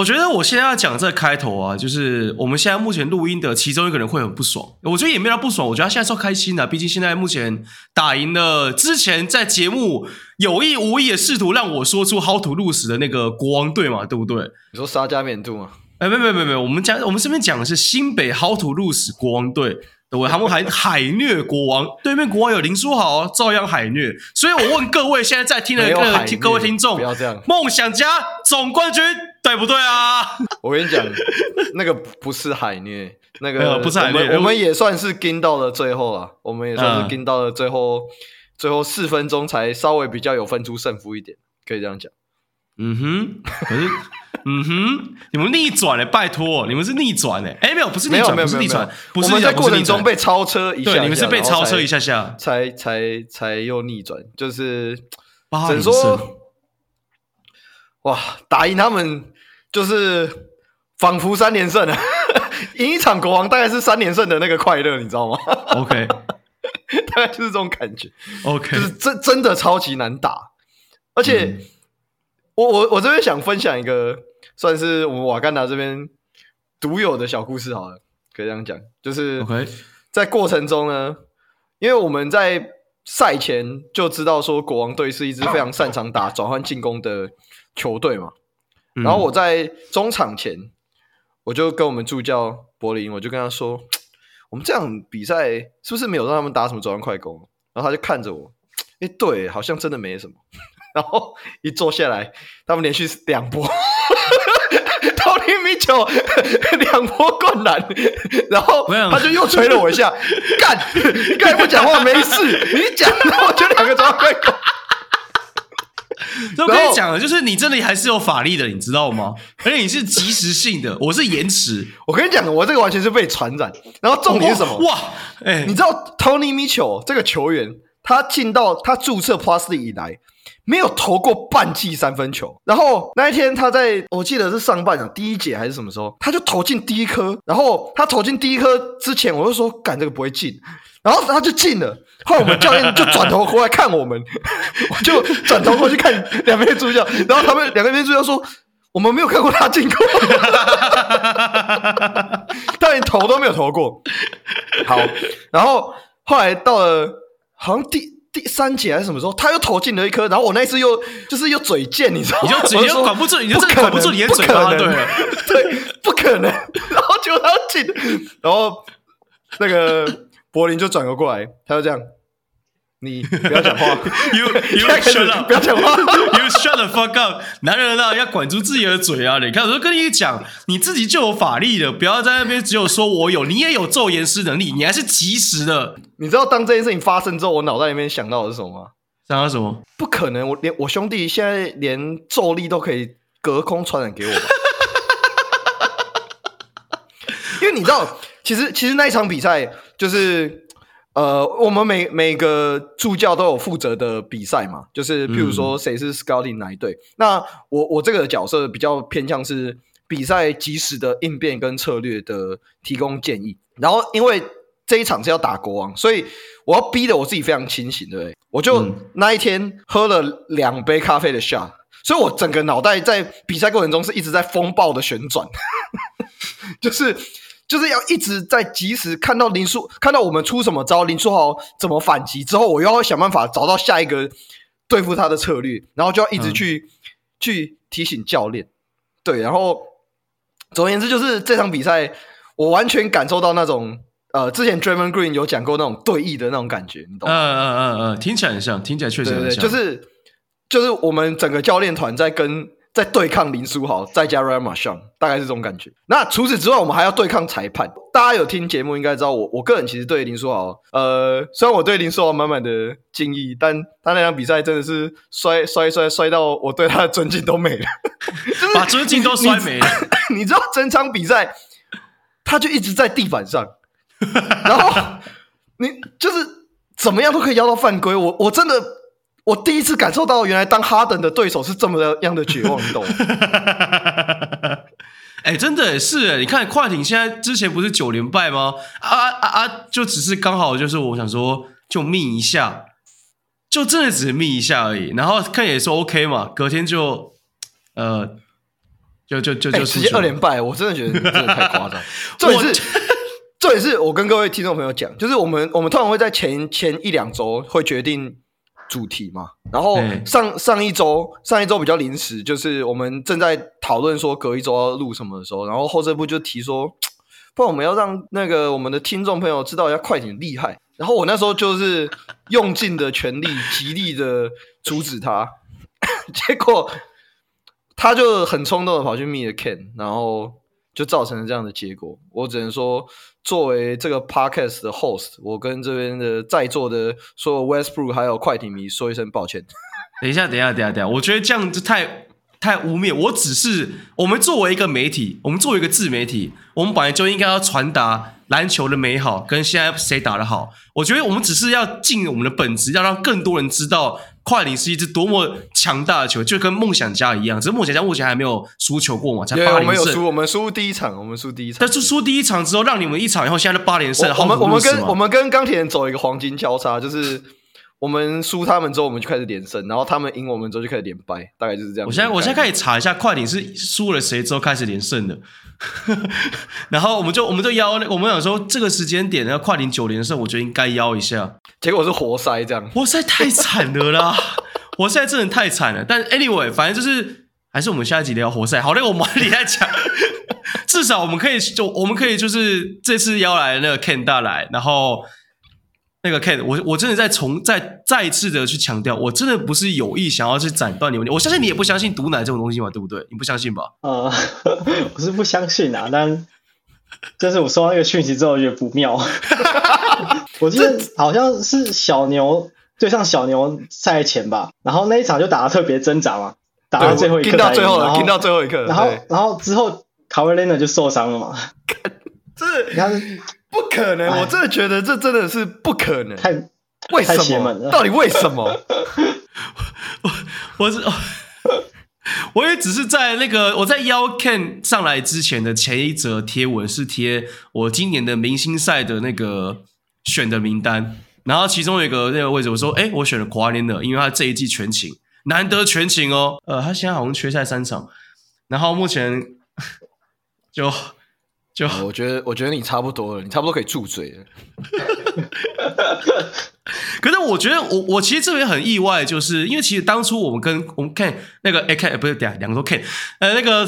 我覺得我現在要講這個開頭啊，就是我們現在目前錄音的其中一個人會很不爽。我覺得也沒有不爽，我覺得他現在超開心的、啊，畢竟現在目前打贏了之前在節目有意無意的試圖讓我說出 “How to Lose” 的那個國王隊嘛，對不對？你說沙加緬度嗎？哎、欸，沒有沒有沒有，我們講我們這邊講的是新北 How to Lose 國王隊，對 不對？他們還海虐國王，對面國王有林書豪，照樣海虐。所以我問各位現在在聽的、那、各、個那個、各位聽眾，不要這樣，夢想家總冠軍。對不對啊？我跟你講，那個不是海虐， 那個不是海虐，我們也算是跟到了最後了，嗯、我們也算是跟到了最後，嗯、最後四分鐘才稍微比較有分出勝負一點，可以這樣講。嗯哼， 嗯哼，你們逆轉嘞、欸，拜托，你們是逆轉嘞、欸，哎、欸、沒有，不是逆轉，不是逆轉，我們在過程中被超車一下，對，你們是被超車一下一下，下，才才才，才又逆轉，就是只說。哇！打贏他們就是仿佛三連勝啊！ 贏一場國王大概是三連勝的那個快樂，你知道嗎？OK， 大概就是這種感覺。OK，就是真的真的超級難打，而且、嗯、我我我這邊想分享一個算是我們瓦甘達這邊獨有的小故事，好了，可以這樣講，就是、OK，在過程中呢，因為我們在賽前就知道說，國王隊是一支非常擅長打轉換進攻的。球隊嘛，然後我在中場前，嗯，我就跟我們助教柏林，我就跟他說，我們這樣比賽是不是沒有讓他們打什麼轉換快攻？然後他就看着我，哎，對，好像真的沒什麼。然後一坐下來，他們連續兩波投 一米九，兩波灌籃。然後他就又捶了我一下， 幹，剛才不講話沒事， 你講，我就兩個轉換快攻。我跟你講了，就是你這裡還是有法力的，你知道嗎？而且你是即時性的， 我是延遲。我跟你講，我這個完全是被傳染。然後重點是什麼？哇，哎、欸，你知道 Tony Mitchell 這個球員，他進到他註冊 Plus 以來，沒有投過半記三分球。然後那一天他在，我記得是上半場第一節還是什麼時候，他就投進第一顆。然後他投進第一顆之前，我就說，幹這個不會進。然後他就進了，後來我們教練就轉頭過來看我們， 我就轉頭過去看兩邊助教，然後他們兩個邊助教說：“我們沒有看過他進過， 他連投都沒有投過。”好，然後後來到了好像第第三節還是什麼時候，他又投進了一顆，然後我那一次又就是又嘴賤，你知道嗎？你就嘴賤，管不住，你真的管不住你的嘴巴，對，對，不可能。 對，不可能 然後就他進，然後那個。 柏林就轉過過來他就這樣，你不要講話 you,，You shut up，不要講話，You shut the fuck up， 男人啊，要管住自己的嘴啊！你看，我就跟你講，你自己就有法力了，不要在那邊只有說我有，你也有咒言師能力，你還是及時的。你知道當這件事情發生之後，我腦袋裡面想到的是什麼嗎？想到什麼？不可能，我連我兄弟現在連咒力都可以隔空傳染給我吧？ 因為你知道。 其實，其實那一場比賽就是，呃，我們每每個助教都有負責的比賽嘛，就是譬如說誰是 Scouting 哪一隊。嗯、那我我這個角色比較偏向是比賽即時的應變跟策略的提供建議。然後，因為這一場是要打國王，所以我要逼得我自己非常清醒，對不對？我就那一天喝了兩杯咖啡的下，所以我整個腦袋在比賽過程中是一直在風暴的旋轉， 就是。就是要一直在及時看到林書看到我們出什麼招，林書豪怎麼反擊之後，我又要想辦法找到下一個對付他的策略，然後就要一直去、嗯、去提醒教練，對，然後總而言之就是這場比賽，我完全感受到那種呃，之前 Draymond Green 有講過那種對弈的那種感覺，你懂嗎？嗯嗯嗯嗯，聽起來很像，聽起來確實很像，對對就是就是我們整個教練團在跟。在對抗林書豪，再加 rebound 上，大概是這種感覺。那除此之外，我們還要對抗裁判。大家有聽節目應該知道我，我我個人其實對林書豪，呃，雖然我對林書豪滿滿的敬意，但他那場比賽真的是摔摔摔摔到我對他的尊敬都沒了、 就是，把尊敬都摔沒了。你，你，你知道整場比賽，他就一直在地板上， 然後你就是怎麼樣都可以要到犯規。我我真的。我第一次感受到，原來當哈登的對手是這麼的樣的絕望，你懂？哎，真的是，你看快艇現在之前不是九連敗嗎？啊啊啊！就只是剛好就是，我想說就密一下，就真的只是密一下而已。然後看也是 OK 嘛，隔天就呃，就就就就、欸、直接二連敗， 我真的覺得真的太誇張。這 也於是這也 是我跟各位聽眾朋友講，就是我們我們通常會在前前一兩周會決定。主題嘛，然後上、嗯、上,上一周，上一周比較臨時，就是我們正在討論說隔一周要錄什麼的時候，然後後撤步就提說，不然我們要讓那個我們的聽眾朋友知道要快艇厲害。然後我那時候就是用盡的全力，極力的阻止他， 結果他就很衝動的跑去密了 Ken，然後。就造成了這樣的結果。我只能說，作為這個 podcast 的 host，我跟這邊的在座的所有 Westbrook 還有快艇迷說一聲抱歉。等一下，等一下，等一下，等一下，我覺得這樣子太太污衊。我只是，我們作為一個媒體，我們作為一個自媒體，我們本來就應該要傳達。籃球的美好跟現在誰打得好？我覺得我們只是要盡我們的本職，要讓更多人知道快艇是一支多麼強大的球，就跟夢想家一樣。只是夢想家目前還沒有輸球過嘛，才八連勝 yeah, 我。我們有輸，我們輸第一場，我們輸第一場。但是輸第一場之後，讓你們一場，以後現在都八連勝。我們嗎我們跟我們跟鋼鐵人走一個黃金交叉，就是。 我們輸他們之後，我們就開始連勝，然後他們贏我們之後就開始連敗，大概就是這樣。我現在我現在開始查一下，快艇是輸了誰之後開始連勝的， 然後我們就我們就邀，我們想說這個時間點要快艇九連勝，我覺得應該邀一下，結果是活塞這樣。活塞太慘了啦， 活塞真的太慘了，但 anyway，反正就是還是我們下一集聊活塞。好嘞，那個、我們馬上來講， 至少我們可以就我們可以就是這次邀來的那個 Ken 大來，然後。那個 Ken，我我真的在重再、再一次的去強調，我真的不是有意想要去斬斷你們。我相信你也不相信毒奶這種東西嘛，對不對？你不相信吧？呃，我是不相信啊，但就是我收到那個訊息之後，我覺得不妙。 我記得好像是小牛對上小牛賽前吧，然後那一場就打的特別掙扎嘛，打到最後一刻，到最後了，到最後一刻然後然後之後 Kawhi Leonard 就受傷了嘛，是， 你看。不可能！我真的覺得這真的是不可能。太，太邪門了！為什麼？到底為什麼？我 我是 我也只是在那個我在邀 Ken 上來之前的前一則貼文是貼我今年的明星賽的那個選的名單，然後其中有一個那個位置，我說哎、欸，我選了 Kawhi Leonard 因為他這一季全勤，難得全勤哦。呃，他現在好像缺賽三場，然後目前就。就我覺得，我覺得你差不多了，你差不多可以住嘴了 可是我覺得我，我我其實這邊很意外，就是因為其實當初我們跟我們看那個哎 k、欸欸、不是對啊，兩個都看、呃、那個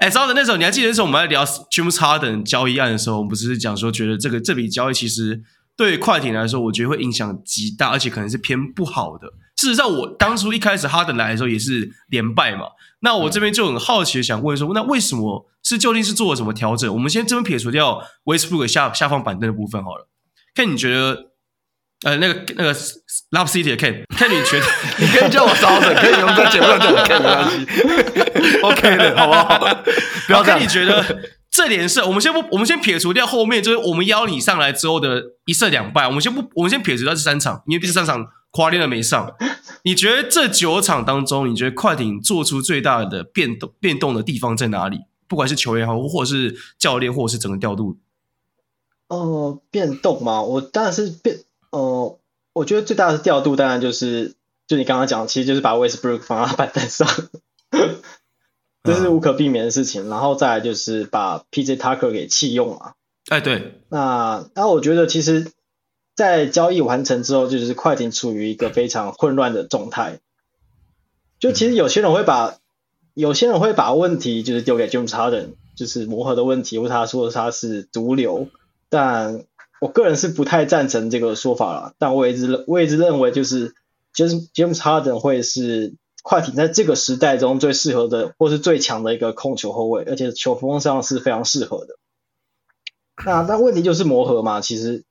哎 c h r 那時候你還記得那時候我們來聊 James Harden 交易案的時候，我們不是講說覺得這個這筆交易其實。對快艇來說，我覺得會影響極大，而且可能是偏不好的。事實上，我當初一開始哈登來的時候也是連敗嘛。那我這邊就很好奇，想問說、嗯，那為什麼是究竟是做了什麼調整？我們先這邊撇除掉 Westbrook 下下放板凳的部分好了。看你覺得，呃，那個那個、那個、Love City 的 Ken，Ken，你覺得 你可以叫我招整， 可以用在節目上叫我 Ken 的東西，OK 的，好不好？ 好好看你覺得。 這點是我們先不，我們先撇除掉後面就是我們邀你上來之後的一勝兩敗。我們先不，我們先撇除掉這三場，因為第三場 Kawhi 的沒上。你覺得這九場當中，你覺得快艇做出最大的變動、變動的地方在哪裡？不管是球員也好，或者是教練，或者是整個調度？哦、呃，變動嘛，我當然是變。哦、呃，我覺得最大的調度當然就是，就你剛剛講，其實就是把 Westbrook 放到板凳上。 這是無可避免的事情，嗯、然後再來就是把 P.J. Tucker 給棄用啊。哎，對，那那我覺得其實，在交易完成之後，就是快艇處於一個非常混亂的狀態。嗯、就其實有些人會把有些人會把問題就是丟給 James Harden，就是磨合的問題，或者他說他是毒瘤。但我個人是不太贊成這個說法啦。但我一直我一直認為就是 James James Harden 會是。快艇在這個時代中最適合的，或是最強的一個控球後衛，而且球風上是非常適合的。那那問題就是磨合嘛。其實，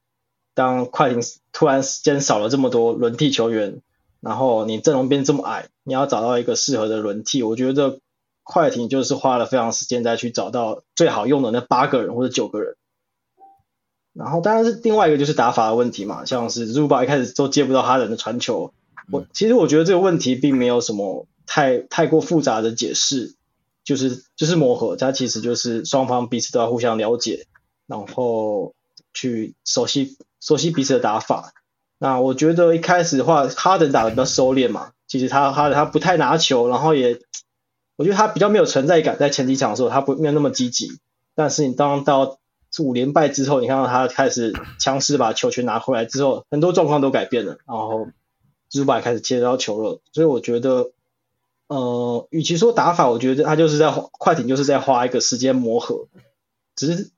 當快艇突然間少了這麼多輪替球員，然後你陣容變這麼矮，你要找到一個適合的輪替，我覺得快艇就是花了非常時間再去找到最好用的那八個人或者九個人。然後，當然是另外一個就是打法的問題嘛，像是 Zubac 一開始都接不到他人的傳球。我其實我覺得這個問題並沒有什麼太太過複雜的解釋，就是就是磨合，它其實就是雙方彼此都要互相了解，然後去熟悉熟悉彼此的打法。那我覺得一開始的話，哈登打的比較收斂嘛，其實他他他不太拿球，然後也我覺得他比較沒有存在感，在前幾場的時候，他不沒有那麼積極。但是你當到五連敗之後，你看到他開始強勢把球權拿回來之後，很多狀況都改變了，然後。Zubac 開始接到球了，所以我覺得，呃，與其說打法，我覺得他就是在快艇就是在花一個時間磨合，只是，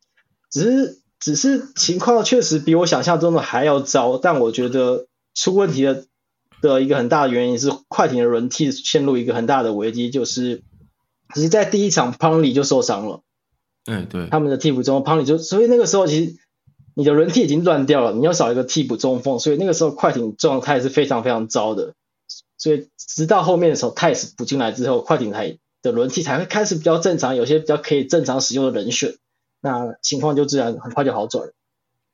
只是，只是情況確實比我想象中的還要糟。但我覺得出問題的的一個很大的原因是快艇的輪替陷入一個很大的危機，就是只是在第一場 Pony 就受傷了，哎、欸，對，他們的替補中 Pony 就，所以那個時候其實。你的輪替已經亂掉了，你要少一個替補中鋒，所以那個時候快艇狀態是非常非常糟的。所以直到後面的時候，泰斯補進來之後，快艇才的輪替才會開始比較正常，有些比較可以正常使用的人選，那情況就自然很快就好轉了。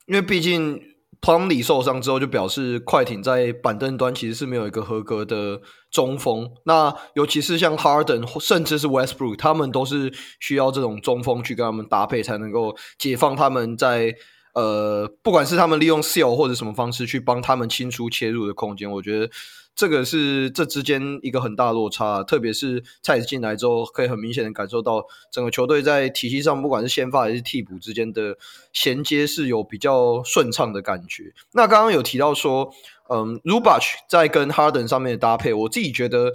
因為畢竟 Plumlee 受傷之後，就表示快艇在板凳端其實是沒有一個合格的中鋒。那尤其是像哈登，甚至是 Westbrook，他們都是需要這種中鋒去跟他們搭配，才能夠解放他們在。呃，不管是他們利用 seal 或者什麼方式去幫他們清除切入的空間，我覺得這個是這之間一個很大的落差。特別是蔡子進來之後，可以很明顯的感受到整個球隊在體系上，不管是先發還是替補之間的銜接是有比較順暢的感覺。那剛剛有提到說，嗯，Zubac 在跟 Harden 上面的搭配，我自己覺得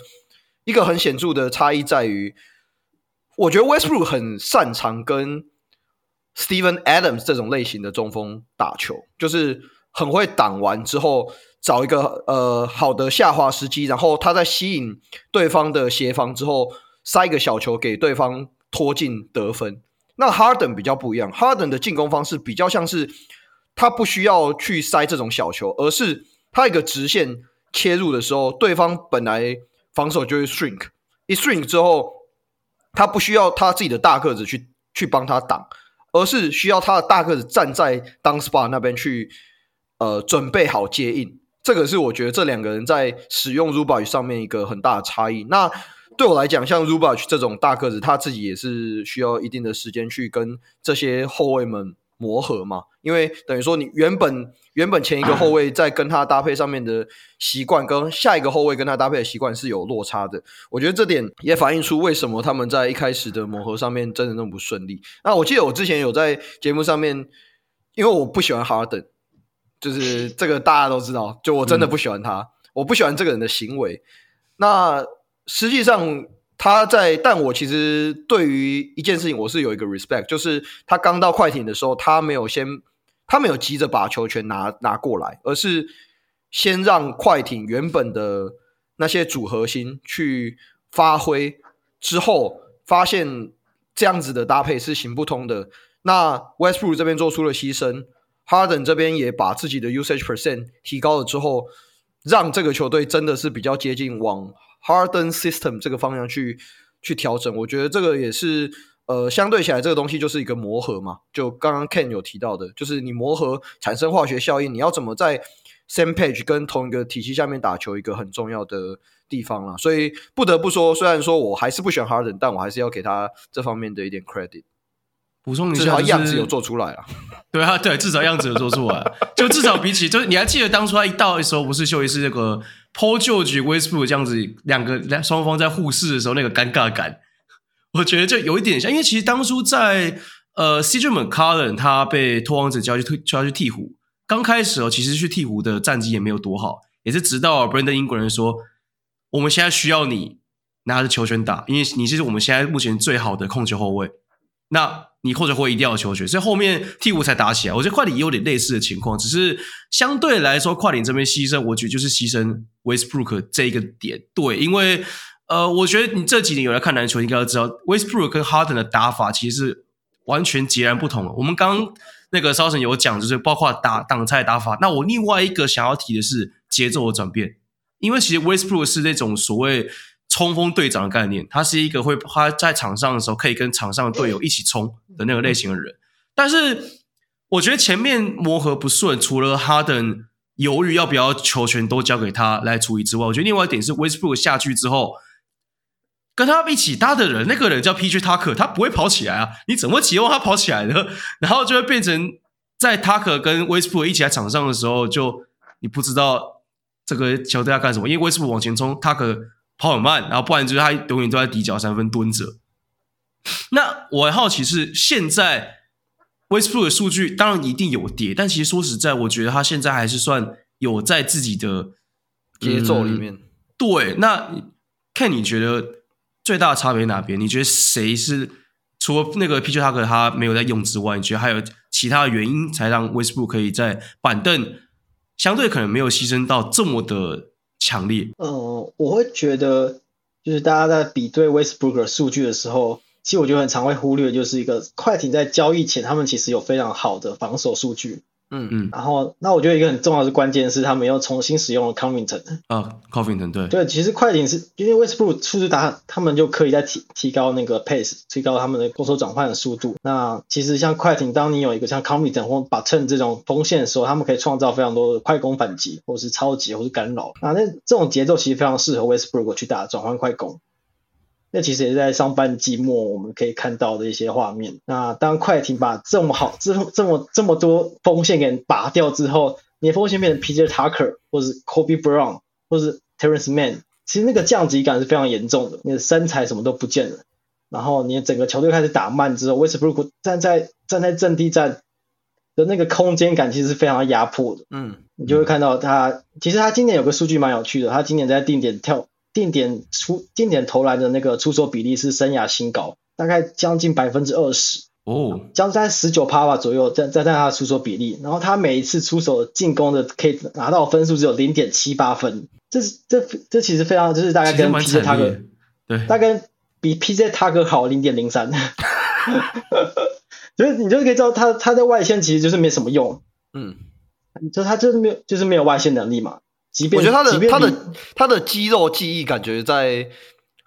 一個很顯著的差異在於，我覺得 Westbrook 很擅長跟 Steven Adams 這種類型的中鋒打球，就是很會擋完之後找一個呃好的下滑時機，然後他在吸引對方的協防之後塞一個小球給對方拖進得分。那 Harden 比較不一樣，Harden 的進攻方式比較像是他不需要去塞這種小球，而是他一個直線切入的時候，對方本來防守就會 shrink，一 shrink 之後，他不需要他自己的大個子去去幫他擋。而是需要他的大個子站在 dunker spot 那邊去，呃，準備好接應。這個是我覺得這兩個人在使用 Zubac 上面一個很大的差異。那對我來講，像 Zubac 這種大個子，他自己也是需要一定的時間去跟這些後衛們。磨合嘛，因為等於說你原本原本前一個後衛在跟他搭配上面的習慣，跟下一個後衛跟他搭配的習慣是有落差的。我覺得這點也反映出為什麼他們在一開始的磨合上面真的那麼不順利。那我記得我之前有在節目上面，因為我不喜歡 Harden，就是這個大家都知道，就我真的不喜歡他，嗯、我不喜歡這個人的行為。那實際上。他在，但我其實對於一件事情，我是有一個 respect，就是他剛到快艇的時候，他沒有先，他沒有急着把球權拿拿過來，而是先讓快艇原本的那些主核心去發揮，之後發現這樣子的搭配是行不通的。那 Westbrook 這邊做出了犧牲，Harden 這邊也把自己的 usage percent 提高了之後，讓這個球隊真的是比較接近往。Harden System 這個方向去去調整，我覺得這個也是呃，相對起來這個東西就是一個磨合嘛。就剛剛 Ken 有提到的，就是你磨合產生化學效應，你要怎麼在 same page 跟同一個體系下面打球，一個很重要的地方了。所以不得不說，雖然說我還是不喜歡 Harden，但我還是要給他這方面的一點 credit。補充一下、就是，至少樣子有做出來啊？對啊，對，至少樣子有做出來。 就至少比起，就是你還記得當初他一到的時候，不是秀一次那個。Paul George、Westbrook 這樣子，兩個雙方在互視的時候，那個尷尬感，我覺得就有一點像。因為其實當初在呃，CJ McCollum 他被拓荒者叫去退，叫他去鵜鶘，剛開始哦，其實去鵜鶘的戰績也沒有多好，也是直到 Brandon 英國人說，我們現在需要你拿着球權打，因為你是我們現在目前最好的控球後衛。那你或者會一定要求全，所以後面替補才打起來。我覺得快艇也有點類似的情況，只是相對來說，快艇這邊犧牲，我覺得就是犧牲 Westbrook 這一個點。對，因為呃，我覺得你這幾年有來看籃球，應該要知道 Westbrook 跟哈 n 的打法其實是完全截然不同的。我們剛，剛那個肖 n 有講，就是包括打擋拆打法。那我另外一個想要提的是節奏的轉變，因為其實 Westbrook 是那種所謂。衝鋒隊長的概念，他是一個會，他在場上的時候可以跟場上的隊友一起衝的那個類型的人。但是我覺得前面磨合不順，除了哈登猶豫要不要球權都交給他來處理之外，我覺得另外一點是威斯布魯克下去之後，跟他一起搭的人，那個人叫 PJ 塔克，他不會跑起來啊，你怎麼期望他跑起來呢？然後就會變成在塔克跟威斯布魯克一起在場上的時候，就你不知道這個球隊要幹什麼，因為威斯布魯克往前衝，塔克跑很慢，然後不然就是他永遠都在底角三分蹲着。 那我還好奇是現在 Westbrook 的數據，當然一定有跌，但其實說實在，我覺得他現在還是算有在自己的節奏裡面。嗯、對，那 Ken 你覺得最大的差別哪邊？你覺得誰是除了那個 PJ Tucker 他沒有在用之外，你覺得還有其他的原因才讓 Westbrook 可以在板凳相對可能沒有犧牲到這麼的？強烈。嗯，我會覺得，就是大家在比對 Westbrook 數據的時候，其實我覺得很常會忽略，就是一個快艇在交易前，他們其實有非常好的防守數據。嗯嗯，然後那我覺得一個很重要的關鍵是他們又重新使用了 Covington 啊 Covington 對對，其實快艇是因為 Westbrook 出去打，他們就可以再提提高那個 pace，提高他們的攻守轉換的速度。那其實像快艇，當你有一個像 Covington 或 Batum 這種鋒線的時候，他們可以創造非常多的快攻反擊，或是抄截，或是干擾。那那這種節奏其實非常適合 Westbrook 去打轉換快攻。那其實也是在上半季末，我們可以看到的一些畫面。那當快艇把這麼好、這麼這麼這麼多鋒線給拔掉之後，你的鋒線變成 PJ Tucker 或者是 Kobe Brown 或者是 Terrence Mann，其實那個降級感是非常嚴重的。你的身材什麼都不見了，然後你整個球隊開始打慢之後 Westbrook 站在站在陣地戰的那個空間感其實是非常壓迫的。嗯，你就會看到他，其實他今年有個數據蠻有趣的，他今年在定點跳。定點出定點投籃的那個出手比例是生涯新高，大概將近 20%,、oh. 將近百分之二十哦，將在十九帕吧左右在，在在在他的出手比例。然後他每一次出手進攻的可以拿到分數只有零點七八分，這是這這其實非常就是大概跟 PJ 塔克對，大概比 PJ 塔克好零點零三，所 以 你就可以知道他他在外線其實就是沒什麼用，嗯，你他、就是、就是沒有就是沒有外線能力嘛。即便我覺得他的他的他的肌肉記憶感覺在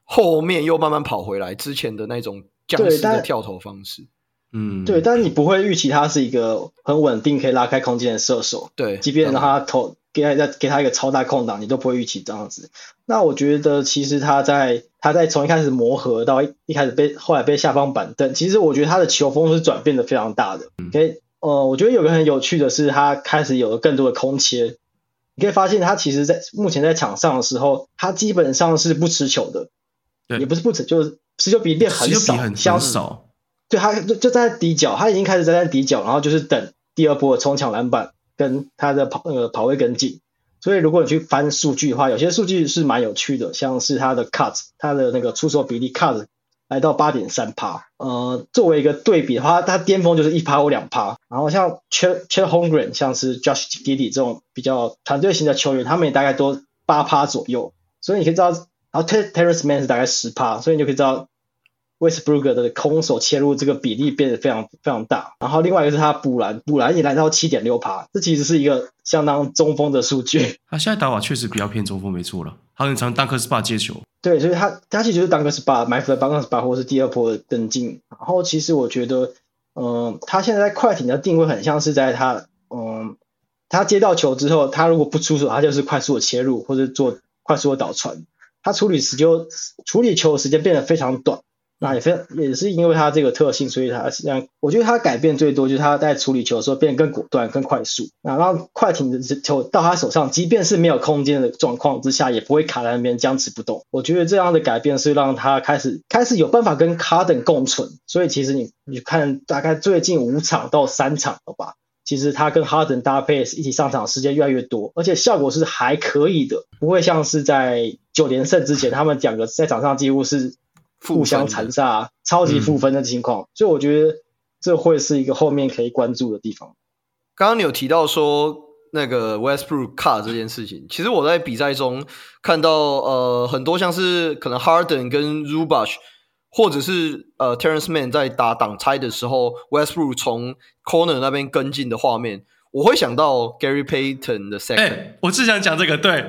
後面又慢慢跑回來之前的那種僵直的對跳投方式，嗯，對，但你不會預期他是一個很穩定可以拉開空間的射手，對，即便讓他投、嗯、給再給他一個超大空檔，你都不會預期這樣子。那我覺得其實他在他在從一開始磨合到一一開始被後來被下放板凳，其實我覺得他的球風是轉變的非常大的。o、嗯、呃，我覺得有個很有趣的是他開始有了更多的空切。你可以發現，他其實，在目前在場上的時候，他基本上是不持球的，對，也不是不持，就是持球比例變很少，很，很少。對，他就就在底角，他已經開始站在底角，然後就是等第二波衝搶籃板跟他的跑那個、呃、跑位跟進。所以如果你去翻數據的話，有些數據是蠻有趣的，像是他的 cut，他的那個出手比例 cut。來到八點三趴，呃，作為一個對比的話，他，他巔峰就是一趴或兩趴。然後像 Chet, Chet Holmgren 像是 Josh Giddey 這種比較團隊型的球員，他們也大概多八趴左右。所以你可以知道，然後 Terr, Terance Mann 是大概十趴，所以你就可以知道，Westbrook 的空手切入這個比例變得非常非常大。然後另外一個是他補籃，補籃也來到七點六趴，這其實是一個相當中鋒的數據。他現在打法確實比較偏中鋒，沒錯啦。他很常當個斯巴接球，對，所以他他其實就是當個斯巴埋伏在當個斯巴或是第二波的跟進。然後其實我覺得，嗯，他現在在快艇的定位很像是在他，嗯，他接到球之後，他如果不出手，他就是快速的切入或者是做快速的導傳。他處理時就處理球的時間變得非常短。那也非常，也是因為他這個特性，所以他是讓我覺得他改變最多，就是他在處理球的時候變得更果斷、更快速。那讓快艇的球到他手上，即便是沒有空間的狀況之下，也不會卡在那邊僵持不動。我覺得這樣的改變是讓他開始開始有辦法跟哈登共存。所以其實你你看，大概最近五場到三場了吧，其實他跟哈登搭配一起上場時間越來越多，而且效果是還可以的，不會像是在九連勝之前，他們兩個在場上幾乎是。互相殘殺，超級負分的情況，所、嗯、以我覺得這會是一個後面可以關注的地方。剛剛你有提到說那個 Westbrook 卡這件事情，其實我在比賽中看到，呃，很多像是可能 Harden 跟 Zubac 或者是，是呃 Terance Mann 在打擋拆的時候，Westbrook 從 Corner 那邊跟進的畫面，我會想到 Gary Payton 的 Second。欸，我只想講這個，對。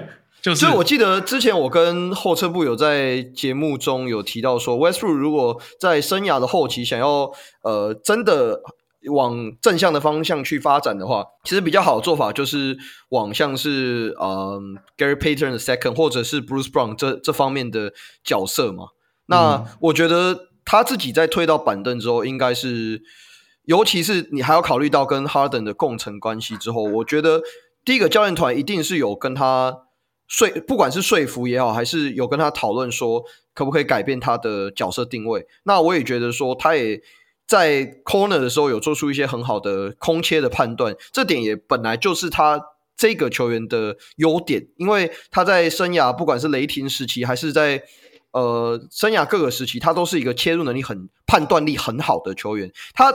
就是、所以，我記得之前我跟後撤步有在節目中有提到說 Westbrook 如果在生涯的後期想要呃真的往正向的方向去發展的話，其實比較好的做法就是往像是嗯 Gary Payton Second 或者是 Bruce Brown 這這方面的角色嘛、嗯。那我覺得他自己在退到板凳之後應，應該是，尤其是你還要考慮到跟 Harden 的共存關係之後，我覺得第一個教練團一定是有跟他。所以不管是說服也好，還是有跟他討論說可不可以改變他的角色定位，那我也覺得說他也在 corner 的時候有做出一些很好的空切的判斷，這點也本來就是他這個球員的優點，因為他在生涯不管是雷霆時期還是在呃生涯各個時期，他都是一個切入能力很判斷力很好的球員。他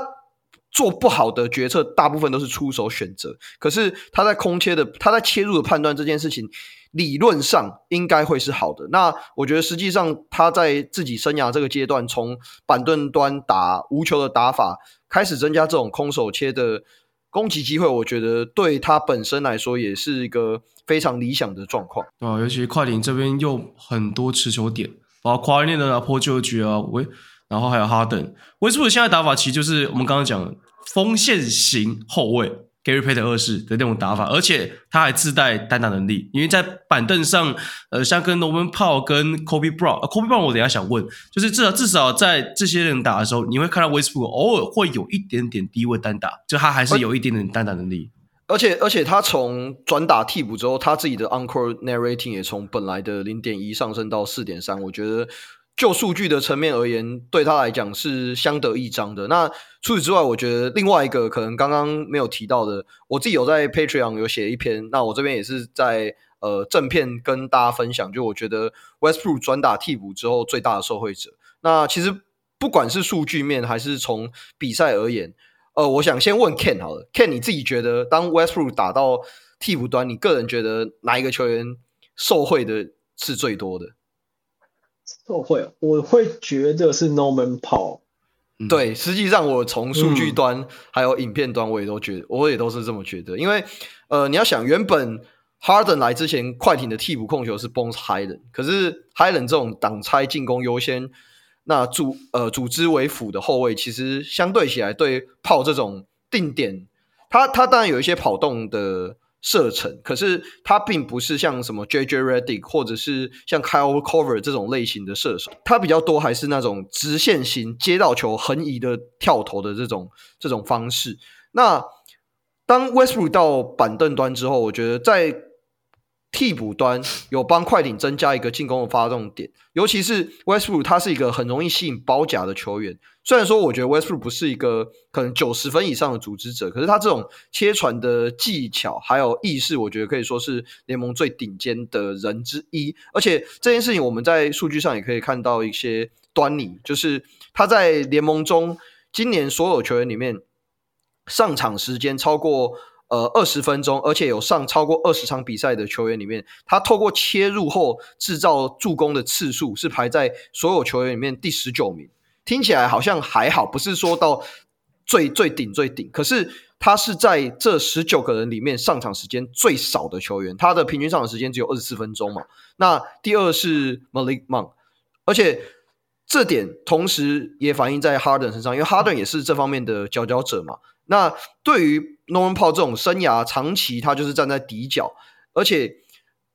做不好的決策大部分都是出手選擇，可是他在空切的，他在切入的判斷這件事情。理論上應該會是好的。那我覺得實際上他在自己生涯這個階段，從板凳端打無球的打法開始增加這種空手切的攻擊機會，我覺得對他本身來說也是一個非常理想的狀況。啊，尤其快艇這邊又很多持球點，包括 Kawhi Leonard 啊、Paul George 啊、維、啊，然後還有哈登。維斯布魯克現在打法其實就是我們剛剛講的，鋒線型後衛。Gary Payton 二世的那種打法，而且他還自帶單打能力，因為在板凳上，呃，像跟 Norman Powell 跟 Kobe Brown，呃，Kobe Brown 我等下想問，就是至少至少在這些人打的時候，你會看到 Westbrook 偶爾會有一點點低位單打，就他還是有一點點單打能力。而且而且他從轉打替補之後，他自己的 encore narrating 也從本來的零點一上升到四點三，我覺得。就數據的層面而言，對他來講是相得益彰的。那除此之外，我覺得另外一個可能剛剛沒有提到的，我自己有在 Patreon 有寫一篇。那我這邊也是在呃正片跟大家分享。就我覺得 Westbrook 轉打替補之後最大的受惠者。那其實不管是數據面還是從比賽而言，呃，我想先問 Ken 好了，Ken 你自己覺得當 Westbrook 打到替補端，你個人覺得哪一個球員受惠的是最多的？我會，我會覺得是 Norman Powell、嗯。對，實際上我從數據端還有影片端，我也都覺得、嗯，我也都是這麼覺得。因為，呃，你要想，原本 Harden 來之前，快艇的替補控球是 Bones Hyland，可是 Harden 這種擋拆進攻優先，那主呃組織為輔的後衛，其實相對起來對 Powell 這種定點，他他當然有一些跑動的。射程，可是他並不是像什麼 JJ Redick 或者是像 Kyle Korver 這種類型的射手，他比較多還是那種直線型接到球橫移的跳投的這種這種方式。那當 Westbrook 到板凳端之後，我覺得在。替補端有幫快艇增加一個進攻的發動點，尤其是 Westbrook，他是一個很容易吸引包夾的球員。雖然說我覺得 Westbrook 不是一個可能九十分以上的組織者，可是他這種切傳的技巧還有意識，我覺得可以說是聯盟最頂尖的人之一。而且這件事情我們在數據上也可以看到一些端倪，就是他在聯盟中今年所有球員裡面上場時間超過。呃，二十分鐘，而且有上超過二十場比賽的球員裡面，他透過切入後製造助攻的次數是排在所有球員裡面第十九名。聽起來好像還好，不是說到最最頂最頂，可是他是在這十九個人裡面上場時間最少的球員，他的平均上場時間只有二十四分鐘嘛。那第二是 Malik Monk，而且這點同時也反映在 Harden 身上，因為 Harden 也是這方面的佼佼者嘛。那對於 Norman Powell 這種生涯長期，他就是站在底角，而且，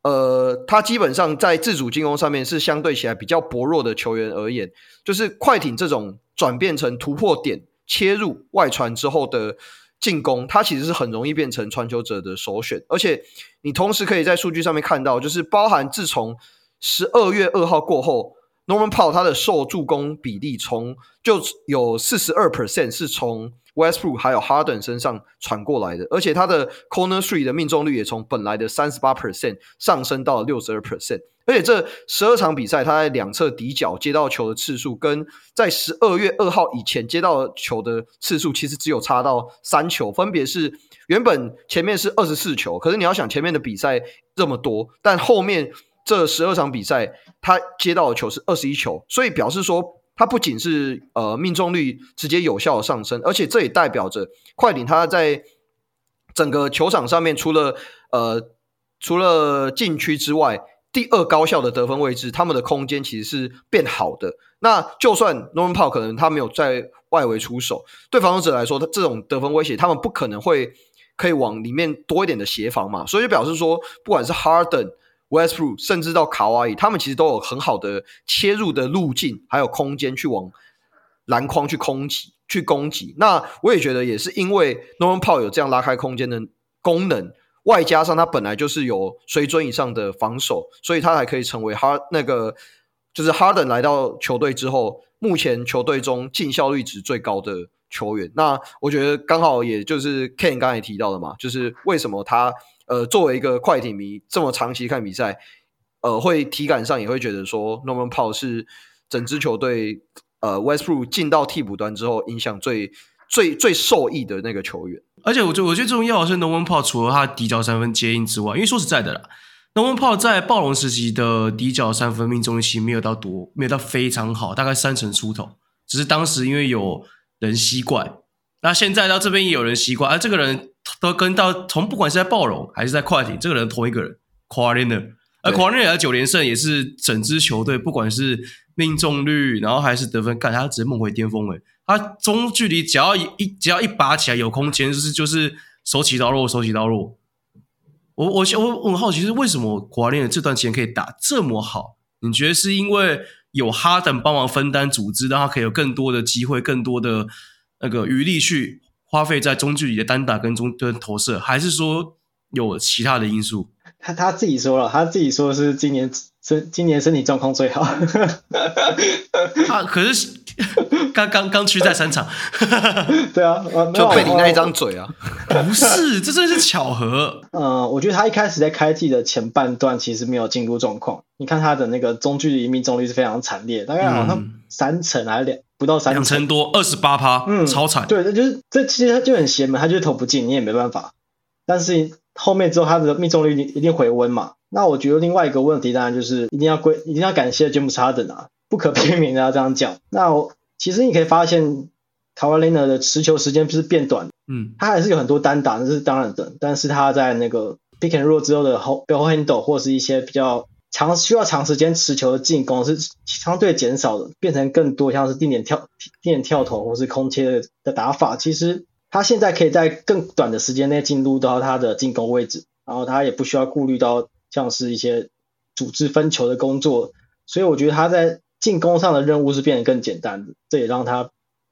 呃，他基本上在自主進攻上面是相對起來比較薄弱的球員而言，就是快艇這種轉變成突破點切入外傳之後的進攻，他其實是很容易變成傳球者的首選，而且你同時可以在數據上面看到，就是包含自從十二月二號過後。Norman Powell 他的受助攻比例從就有四十二 percent 是從 Westbrook 還有 Harden 身上傳過來的，而且他的 Corner Three 的命中率也從本來的三十八 percent 上升到了六十二 percent，而且這十二場比賽他在兩側底角接到球的次數，跟在十二月二號以前接到球的次數，其實只有差到三球，分別是原本前面是二十四球，可是你要想前面的比賽這麼多，但後面。這十二場比賽，他接到的球是二十一球，所以表示說他不僅是呃命中率直接有效的上升，而且這也代表着快艇他在整個球場上面除了呃除了禁區之外，第二高效的得分位置，他們的空間其實是變好的。那就算 Norman Powell 可能他沒有在外圍出手，對防守者來說，他這種得分威脅，他們不可能會可以往裡面多一點的協防嘛，所以就表示說，不管是 Harden。Westbrook 甚至到卡哇伊，他們其實都有很好的切入的路徑，還有空間去往籃筐去空去攻擊。那我也覺得也是因為 Norman Powell 有這樣拉開空間的功能，外加上他本來就是有水準以上的防守，所以他還可以成為哈那個就是哈登來到球隊之後，目前球隊中淨效率值最高的球員。那我覺得剛好也就是 Ken 剛才提到的嘛，就是為什麼他。呃，作為一個快艇迷，這麼長期看比賽，呃，會體感上也會覺得說，Norman Powell 是整支球隊呃，Westbrook 進到替補端之後，影響最最最受益的那個球員。而且，我覺我覺得這種要好是，Norman Powell 除了他的底角三分接應之外，因為說實在的啦，Norman Powell 在暴龍時期的底角三分命中率沒有到多，沒有到非常好，大概三成出頭。只是當時因為有人習慣，那現在到這邊也有人習慣，而、啊、這個人。都跟到從不管是在暴龍還是在快艇，這個人同一個人，Kawhi Leonard，而 Kawhi Leonard 九連勝也是整支球隊，不管是命中率，然後還是得分，幹他直接夢回巔峰了、欸。他中距離只要一只要一拔起來有空間，就是就是手起刀落，手起刀落。我我我很好奇，是為什麼 Kawhi Leonard、呃、這段時間可以打這麼好？你覺得是因為有哈登幫忙分擔組織，讓他可以有更多的機會，更多的那個餘力去？花費在中距離的單打跟中跟投射，還是說有其他的因素？他他自己說了，他自己說的是今年身今年身體狀況最好。他、 啊、可是剛剛剛去在三場， 對啊，呃、就被你那一張嘴啊，呃、 不是，這真是巧合。嗯、呃，我覺得他一開始在開季的前半段其實沒有進入狀況，你看他的那個中距離命中率是非常慘烈，大概好像三成還是兩。嗯不到三成多，二十八趴，嗯，超慘。對，這就是這其實他就很邪門，他就投不進，你也沒辦法。但是後面之後他的命中率一定，一定回溫嘛？那我覺得另外一個問題當然就是一定要歸，一定要感謝 j i m e s Harden 啊，不可避免的要這樣講。那我其實你可以發現卡瓦 r 娜 l i n a 的持球時間不是變短，嗯，他還是有很多單打，這是當然的。但是他在那個 Pick and Roll 之後的後 b e h a n d 或是一些比較，長需要長時間持球的進攻是相對減少的，變成更多像是定點跳，定點跳投或是空切的打法。其實他現在可以在更短的時間內進入到他的進攻位置，然後他也不需要顧慮到像是一些組織分球的工作。所以我覺得他在進攻上的任務是變得更簡單的，這也讓他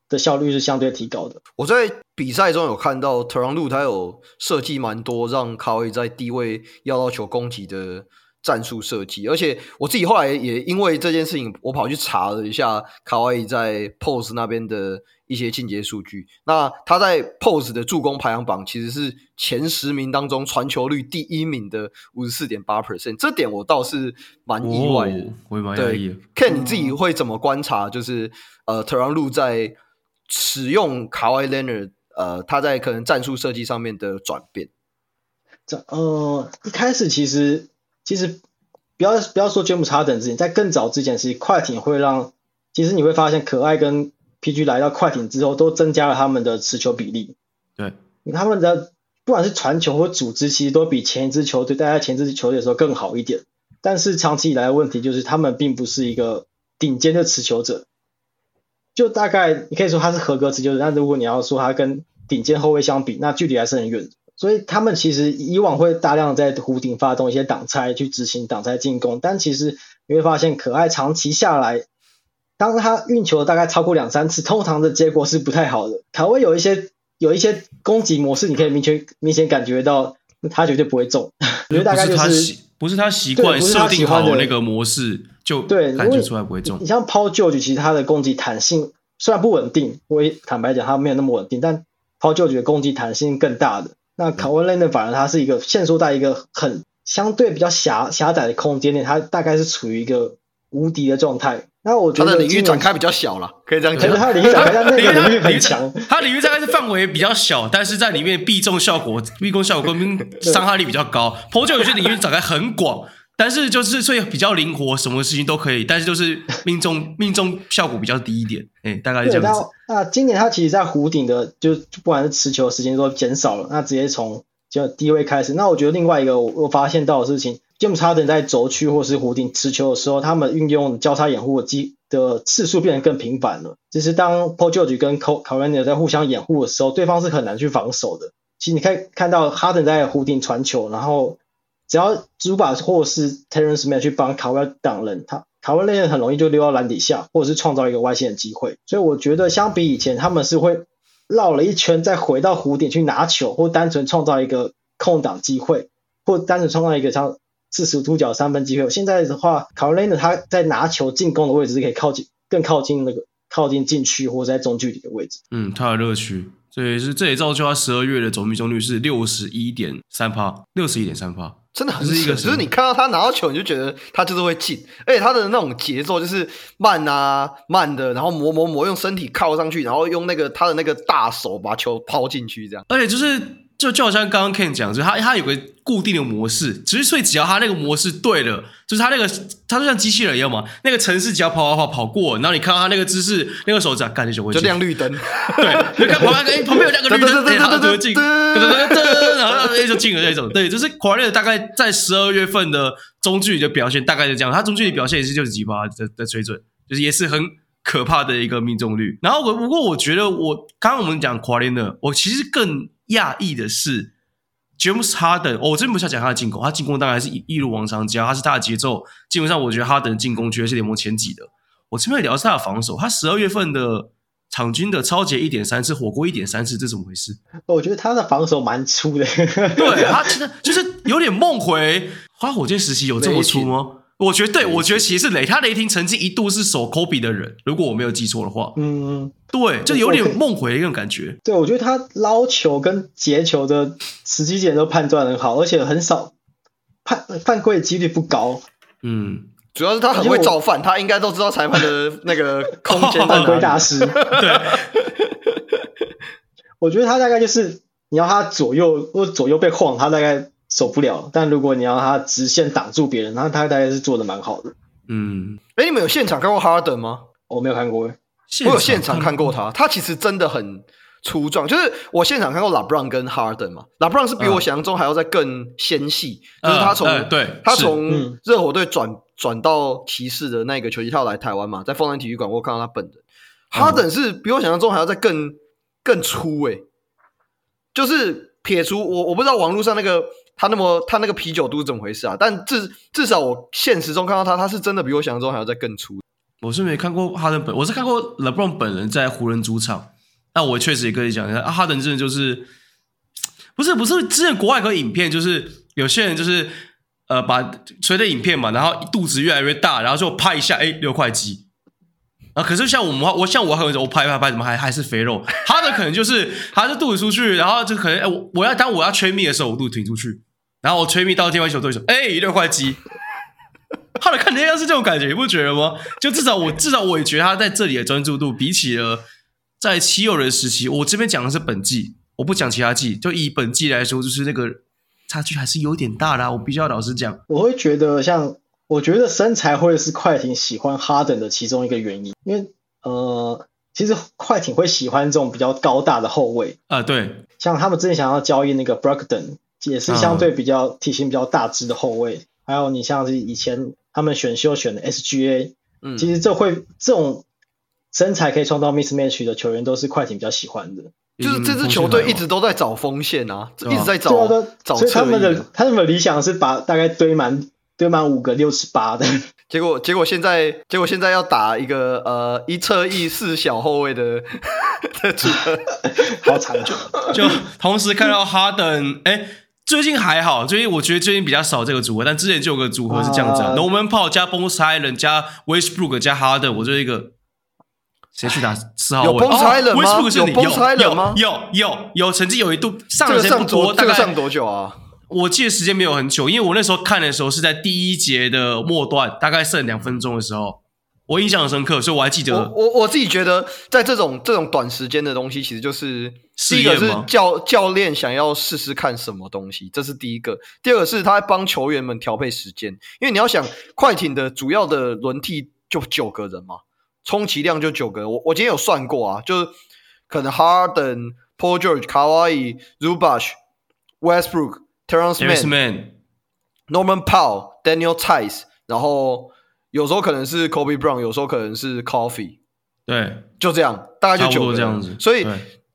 的效率是相對提高的。我在比賽中有看到，Tyronn Lue 他有設計蠻多讓卡維在低位要到球攻擊的。戰術設計，而且我自己後來也因為這件事情，我跑去查了一下卡哇伊在 pose 那邊的一些進階數據。那他在 pose 的助攻排行榜其實是前十名當中傳球率第一名的五十四點八 percent，這點我倒是蠻意外的。哦我也蠻意外的。對，Ken、嗯、你自己會怎麼觀察，就是呃，特朗路在使用卡哇伊 Leonard 呃，他在可能戰術設計上面的轉變。這呃，一開始其實。其實不要不要說詹姆斯哈登，之前，在更早之前，其實快艇會讓其實你會發現，可愛跟 PG 來到快艇之後，都增加了他們的持球比例。對，他們的不管是傳球或組織，其實都比前一支球隊、大家前一支球隊的時候更好一點。但是長期以來的問題就是，他們並不是一個頂尖的持球者。就大概你可以說他是合格持球者，但如果你要說他跟頂尖後衛相比，那距離還是很遠。所以他們其實以往會大量在弧頂發動一些擋拆去執行擋拆進攻，但其實你會發現，可愛長期下來，當他運球大概超過兩三次，通常的結果是不太好的。卡威有一些有一些攻擊模式，你可以明確明顯感覺到他絕對不會中。我覺得大概就是不是，不是他習慣他設定好的那個模式，就感覺出來不會中。你像 Paul George 其實他的攻擊彈性雖然不穩定，我坦白講他沒有那麼穩定，但 Paul George 的攻擊彈性更大的。那 Kawhi Leonard 呢，反而它是一個限縮在一個很相對比較狹狹窄的空間內，它大概是處於一個無敵的狀態。那我覺得他的領域展開比較小了，可以這樣講。它的領域展開，領域領域很強，它 的領域大概是範圍比較小，但是在裡面必中效果、必攻效果跟傷害力比較高。破 舊有些領域展開很廣。 但是就是所以比較靈活，什麼事情都可以。但是就是命中 命中效果比較低一點，哎、欸，大概是這樣子。那今年他其實在弧頂的，就不管是持球時間都減少了。那直接從就低位開始。那我覺得另外一個我發現到的事情，James Harden 在軸區或是弧頂持球的時候，他們運用交叉掩護的機的次數變得更頻繁了。其實當 Paul George 跟 Kawhi Leonard 在互相掩護的時候，對方是很難去防守的。其實你可以看到 Harden 在弧頂傳球，然後。只要主把或是 Terence m a n 去幫卡 a 爾擋人，他卡 a w 很容易就溜到籃底下，或者是創造一個外線的機會。所以我覺得相比以前，他們是會繞了一圈再回到弧頂去拿球，或單純創造一個空檔機會，或單純創造一個像四十度角三分機會。現在的話卡 a 內 h 他在拿球進攻的位置是可以靠近更靠近那個靠近禁區，或者在中距離的位置。嗯，他的熱區，這也是這也造就他十二月的總命中率是六十一點三帕，六十一點三真的很是一個，就是你看到他拿到球，你就覺得他就是會進，而且他的那種節奏就是慢啊，慢的，然後磨磨磨，用身體靠上去，然後用那個他的那個大手把球拋進去，這樣，而且就是。就就好像剛剛 Ken 講，就是他他有個固定的模式，只是所以只要他那個模式對了，就是他那個，他就像機器人一樣嘛。那個程式只要跑跑跑跑過，然後你看到他那個姿勢，那個手指啊你就就會就亮綠燈。對，就 看對 旁邊，哎，旁邊有兩個綠燈，對，然後他就進，噔噔噔噔，然後對。 就進了那種。對，就是 Kawhi 大概在十二月份的中距離的表現大概就這樣，他中距離表現也是就是幾巴的水準，就是也是很可怕的一個命中率。然後我不過我覺得我剛剛我們講 Kawhi 我其實更。訝異的是 James Harden，哦,我真不想講他的進攻，他進攻當然是一一如往常，只要他是他的節奏。基本上，我覺得哈登進攻絕對是聯盟前幾的。我這邊聊的是他的防守，他十二月份的場均的抄截一點三次，火鍋一點三次，這怎麼回事？我覺得他的防守蠻粗的，對，對他其實就是有點夢回花火箭時期，有這麼粗嗎？我覺得對，我覺得其實雷他雷霆，曾經一度是守科比的人，如果我沒有記錯的話。嗯，對，就有點夢回的那種感覺。Okay. 對，我覺得他撈球跟截球的時機點都判斷很好，而且很少判犯規的幾率不高。嗯，主要是他很會造犯，他應該都知道裁判的那個空間 犯規大師。 對， 我覺得他大概就是，你要他左右或左右被晃，他大概。守不了，但如果你要他直線擋住別人，然後他大概是做的蠻好的。嗯，哎、欸，你們有現場看過哈登嗎？我、哦、沒有看過，我有現場看過他。他其實真的很粗壯，就是我現場看過拉布 n 跟哈登嘛，嗯。拉布 n 是比我想象中還要再更纖細，嗯，就是他從對、嗯，他從熱火隊轉轉到騎士的那個球衣套來台灣嘛，在鳳凰體育館，我有看到他本人。哈、嗯、登是比我想象中還要再更更粗哎、欸，就是撇除我，我不知道網絡上那個。他那麼他那個啤酒肚是怎麼回事啊？但至至少我現實中看到他，他是真的比我想象中還要再更粗。我是沒看過哈登本，我是看過勒布朗本人在湖人主場。那我確實也跟你講一下，啊、哈登真的就是不是不是之前國外有個影片，就是有些人就是呃把隨着影片嘛，然後肚子越來越大，然後就拍一下，哎，六塊肌啊。可是像我們我像我，我拍拍拍，怎麼還還是肥肉？他 的可能就是他是肚子出去，然後就可能、哎、我我要當我要 train me 的時候，我肚子挺出去。然後我吹滅到另外一球做什說哎，一塊快擊， 他的感覺是這種感覺，你不覺得嗎？就至少我至少我也覺得他在這裡的專注度，比起了在七六人時期，我這邊講的是本季，我不講其他季。就以本季來說，就是那個差距還是有點大的，啊。我必須要老實講，我會覺得像我覺得身材會是快艇喜歡哈登的其中一個原因，因為呃，其實快艇會喜歡這種比較高大的後衛啊，對，像他們之前想要交易那個 Brogdon。也是相對比較體型比較大只的後衛，嗯，還有你像是以前他們選秀選的 SGA，嗯，其實這會這種身材可以創造 Mismatch 的球員都是快艇比較喜歡的，就是這支球隊一直都在找鋒線啊，嗯風，一直在找找，所以他們的他們的理想是把大概堆滿堆滿五個六尺八的，結果結果現在結果現在要打一個呃一側翼四小後衛的組合， 好慘就，啊，就同時看到哈登哎。欸最近還好，最近我覺得最近比較少這個組合，但之前就有個組合是這樣子，啊 uh,：Norman Powell 加 Bones Hyland 加 Westbrook 加 Harden 我就是一個。誰去打四號位、哦？有 Bones、哦、嗎？有 Bones 嗎？有有有，曾經有、有、有、有、有一度上時間不多，這個、大概、這個、上多久啊？我記得時間沒有很久，因為我那時候看的時候是在第一節的末段，大概剩兩分鐘的時候，我印象很深刻，所以我還記得。我我、我自己覺得，在這種這種短時間的東西，其實就是。第一個是教教練想要試試看什麼東西，這是第一個。第二個是他在幫球員們調配時間，因為你要想快艇的主要的輪替就九個人嘛，充其量就九個人。我我今天有算過啊，就是可能 Harden、Paul George、卡哇伊、Zubac Westbrook、Terance Mann、Norman Powell、Daniel Theis，然後有時候可能是 Kobe Brown，有時候可能是 Coffee，對，就這樣，大概就九個這樣，這樣子，所以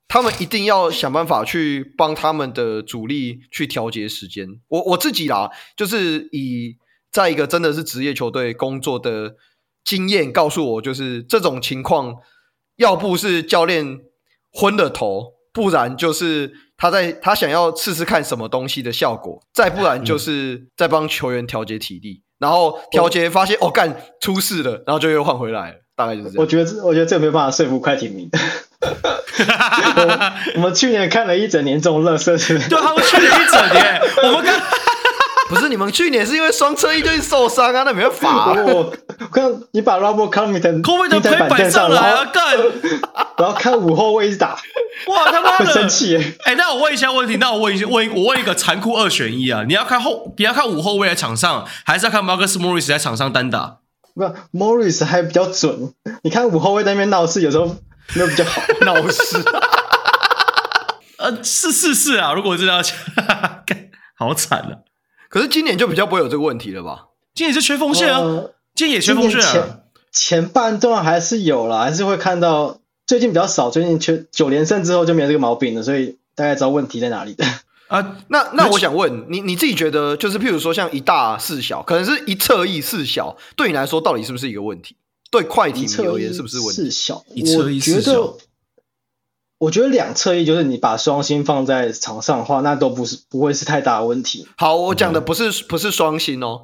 他們一定要想辦法去幫他們的主力去調節時間我。我我自己啦，就是以在一個真的是職業球隊工作的經驗告訴我，就是這種情況，要不是教練昏了頭，不然就是他在他想要試試看什麼東西的效果，再不然就是在幫球員調節體力，嗯、然後調節發現哦幹出事了，然後就又換回來了。大概就是這樣。我覺得這我覺得這個沒辦法說服快艇迷。哈哈哈哈哈！我們去年看了一整年這種垃圾，對，他們去年一整年， 我們看，不是你們去年是因為雙車一隊受傷啊，那沒辦法。我看，你把 Robert Covington Covington 可以擺上了、啊，我要看，我要看五後衛打，哇，他媽的，生氣！哎、欸，那我問一下問題，那我問一下，我問一個殘酷二選一啊，你要看後，你要看五後衛在場上，還是要看 Marcus Morris 在場上單打？不，Morris 還比較準，你看五後衛在那邊鬧事，有時候。那比較好鬧事，呃，是是是啊，如果真的要講，好慘了、啊。可是今年就比較不會有這個問題了吧？今年是缺鋒線啊，嗯、今年也缺鋒線啊。前前半段還是有了，還是會看到。最近比較少，最近缺九連勝之後就沒有這個毛病了，所以大概知道問題在哪裡的啊、呃。那那我想問你，你自己覺得，就是譬如說像一大四小，可能是一側翼四小，對你來說到底是不是一個問題？對快艇而言是不是問題？一車一失我覺得我覺得兩側翼就是你把雙星放在場上的話，那都不是不會是太大的問題。好，我講的不是、okay. 不是雙星哦、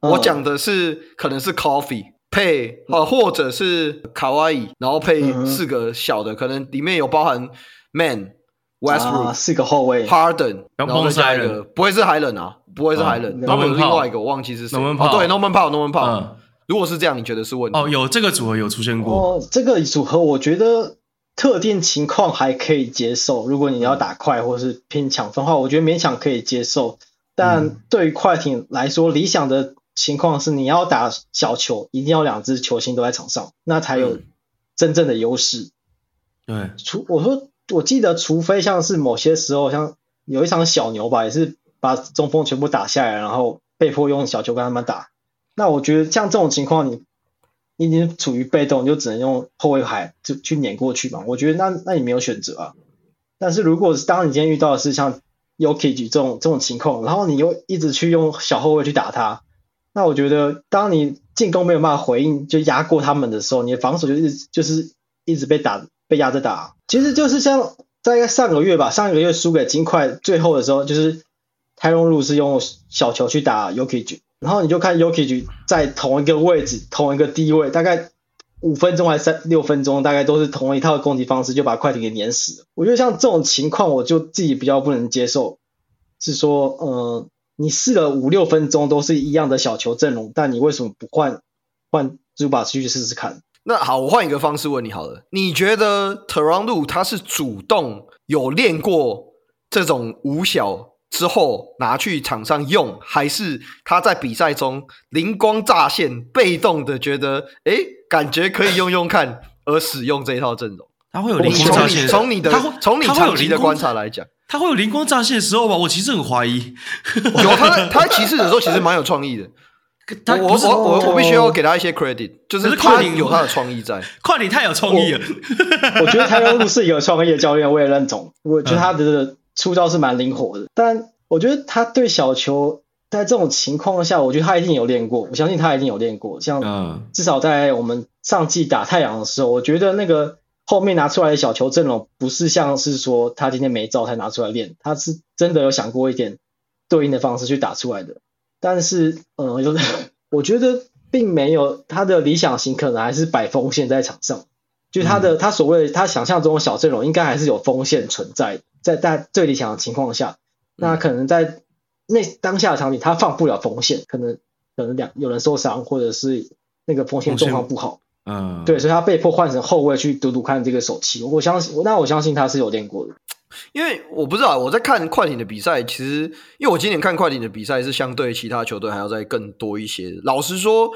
嗯，我講的是可能是 Coffee 配啊、嗯，或者是卡哇伊，然後配四個小的、嗯，可能裡面有包含 Man Westbrook 四個後衛，Harden，然後加一個、嗯、不會是海冷啊，不會是海冷、啊，然後有另外一個我忘記是什麼、啊、對，Norman Powell，Norman Powell。能如果是這樣，你覺得是問題？哦，有這個組合有出現過。哦，這個組合我覺得特定情況還可以接受。如果你要打快或是偏搶分的話，嗯、我覺得勉強可以接受。但對於快艇來說，嗯、理想的情況是你要打小球，一定要兩支球星都在場上，那才有真正的優勢。對、嗯，除我說，我記得，除非像是某些時候，像有一場小牛吧，也是把中鋒全部打下來，然後被迫用小球跟他們打。那我覺得像這種情況你，你已經處於被動，你就只能用後衛牌就去碾過去嘛。我覺得那那你沒有選擇啊。但是如果是當你今天遇到的是像 Jokic 這種這種情況，然後你又一直去用小後衛去打他，那我覺得當你進攻沒有辦法回應就壓過他們的時候，你的防守就是就是一直被打被壓着打。其實就是像在大概上個月吧，上個月輸給金塊最後的時候，就是泰隆路是用小球去打 Jokic。然後你就看 Jokic 在同一個位置，同一個低位，大概五分鐘還是六分鐘，大概都是同一套攻擊方式，就把快艇給碾死了。我覺得像這種情況，我就自己比較不能接受。是說，嗯、呃、你試了五六分鐘都是一樣的小球陣容，但你為什麼不換換 Zubac 出去試試看？那好，我換一個方式問你好了。你覺得 Tyronn Lue 他是主動有練過這種五小？之後拿去場上用，還是他在比賽中靈光乍現，被動的覺得哎、欸，感覺可以用用看，而使用這一套陣容，他會有靈光乍現。從你，你的，從你長期的觀察來講，他會有靈光，光乍現的時候吧？我其實很懷疑。 有他，他其實有時候其實蠻有創意的。他我我我必須要給他一些 credit，就是快裡有他的創意在。快裡太有創意了 我，我覺得 Ty Lue 是一個創意的教練，我也認同。我覺得他的。嗯出招是蠻靈活的，但我覺得他對小球在這種情況下，我覺得他一定有練過，我相信他一定有練過。像嗯至少在我們上季打太陽的時候，我覺得那個後面拿出來的小球陣容，不是像是說他今天沒招才拿出來練，他是真的有想過一點對應的方式去打出來的。但是，嗯，有我覺得並沒有他的理想型，可能還是擺鋒線在場上，就他的、嗯、他所謂他想象中的小陣容，應該還是有鋒線存在的。在在最理想的情況下，那可能在那當下的場景，他放不了鋒線、嗯，可能可能兩有人受傷，或者是那個鋒線狀況不好，嗯，對，所以他被迫換成後衛去賭賭看這個手氣。我相信，那我相信他是有練過的，因為我不知道我在看快艇的比賽，其實因為我今年看快艇的比賽是相對其他球隊還要再更多一些。老實說。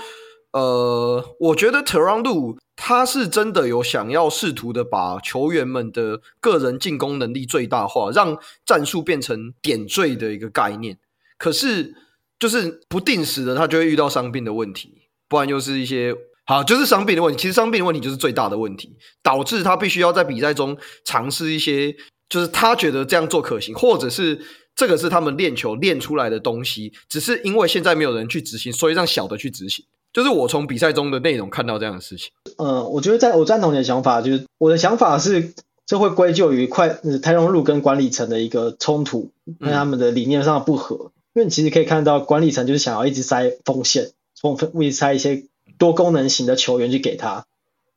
呃，我覺得 Tyronn Lue 他是真的有想要試圖的把球員們的個人進攻能力最大化，讓戰術變成點綴的一個概念。可是就是不定時的，他就會遇到傷病的問題，不然就是一些，好，就是傷病的問題。其實傷病的問題就是最大的問題，導致他必須要在比賽中嘗試一些，就是他覺得這樣做可行，或者是這個是他們練球練出來的東西，只是因為現在沒有人去執行，所以讓小的去執行。就是我從比賽中的內容看到這樣的事情。嗯，我覺得在我贊同你的想法，就是我的想法是這會歸咎於快泰隆、呃、路跟管理層的一個衝突，跟他們的理念上的不合。嗯、因為你其實可以看到管理層就是想要一直塞鋒線，充分一直塞一些多功能型的球員去給他。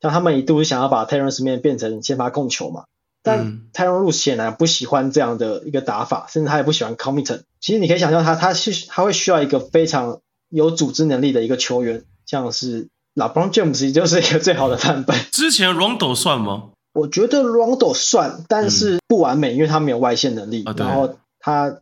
像他們一度是想要把 Terance Mann 變成先發控球嘛，但泰隆、嗯、路顯然不喜歡這樣的一個打法，甚至他也不喜歡 commitment。其實你可以想象他，他是他會需要一個非常。有組織能力的一個球員，像是 LeBron James 就是一個最好的範本，嗯。之前 Rondo 算嗎？我覺得 Rondo 算，但是不完美，因為他沒有外線能力，嗯、然後他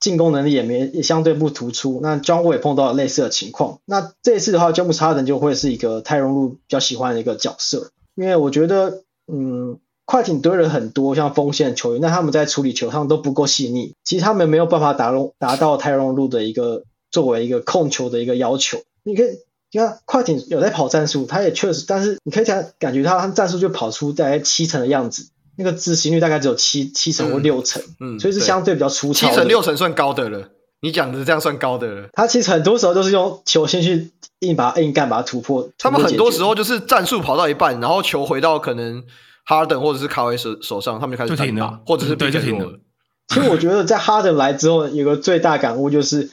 進攻能力也沒也相對不突出。啊、那 John Wall 也碰到了類似的情況。那這一次的話，James Harden 就會是一個泰隆路比較喜歡的一個角色，因為我覺得，嗯，快艇隊人很多，像鋒線球員，那他們在處理球上都不夠細膩，其實他們沒有辦法達達達到泰隆路的一個。作為一個控球的一個要求，你可以，你看快艇有在跑戰術，他也確實，但是你可以講，感覺他戰術就跑出大概七成的樣子，那個執行率大概只有七七成或六成嗯，嗯，所以是相對比較粗糙。七成六成算高的了，你講的這樣算高的了。他其實很多時候都是用球先去硬把它硬幹，把它突破。他們很多時候就是戰術跑到一半，然後球回到可能哈登或者是卡維手手上，他們就開始停了，或者是對、嗯、就停了。其實我覺得在哈登來之後， 有個最大感悟就是。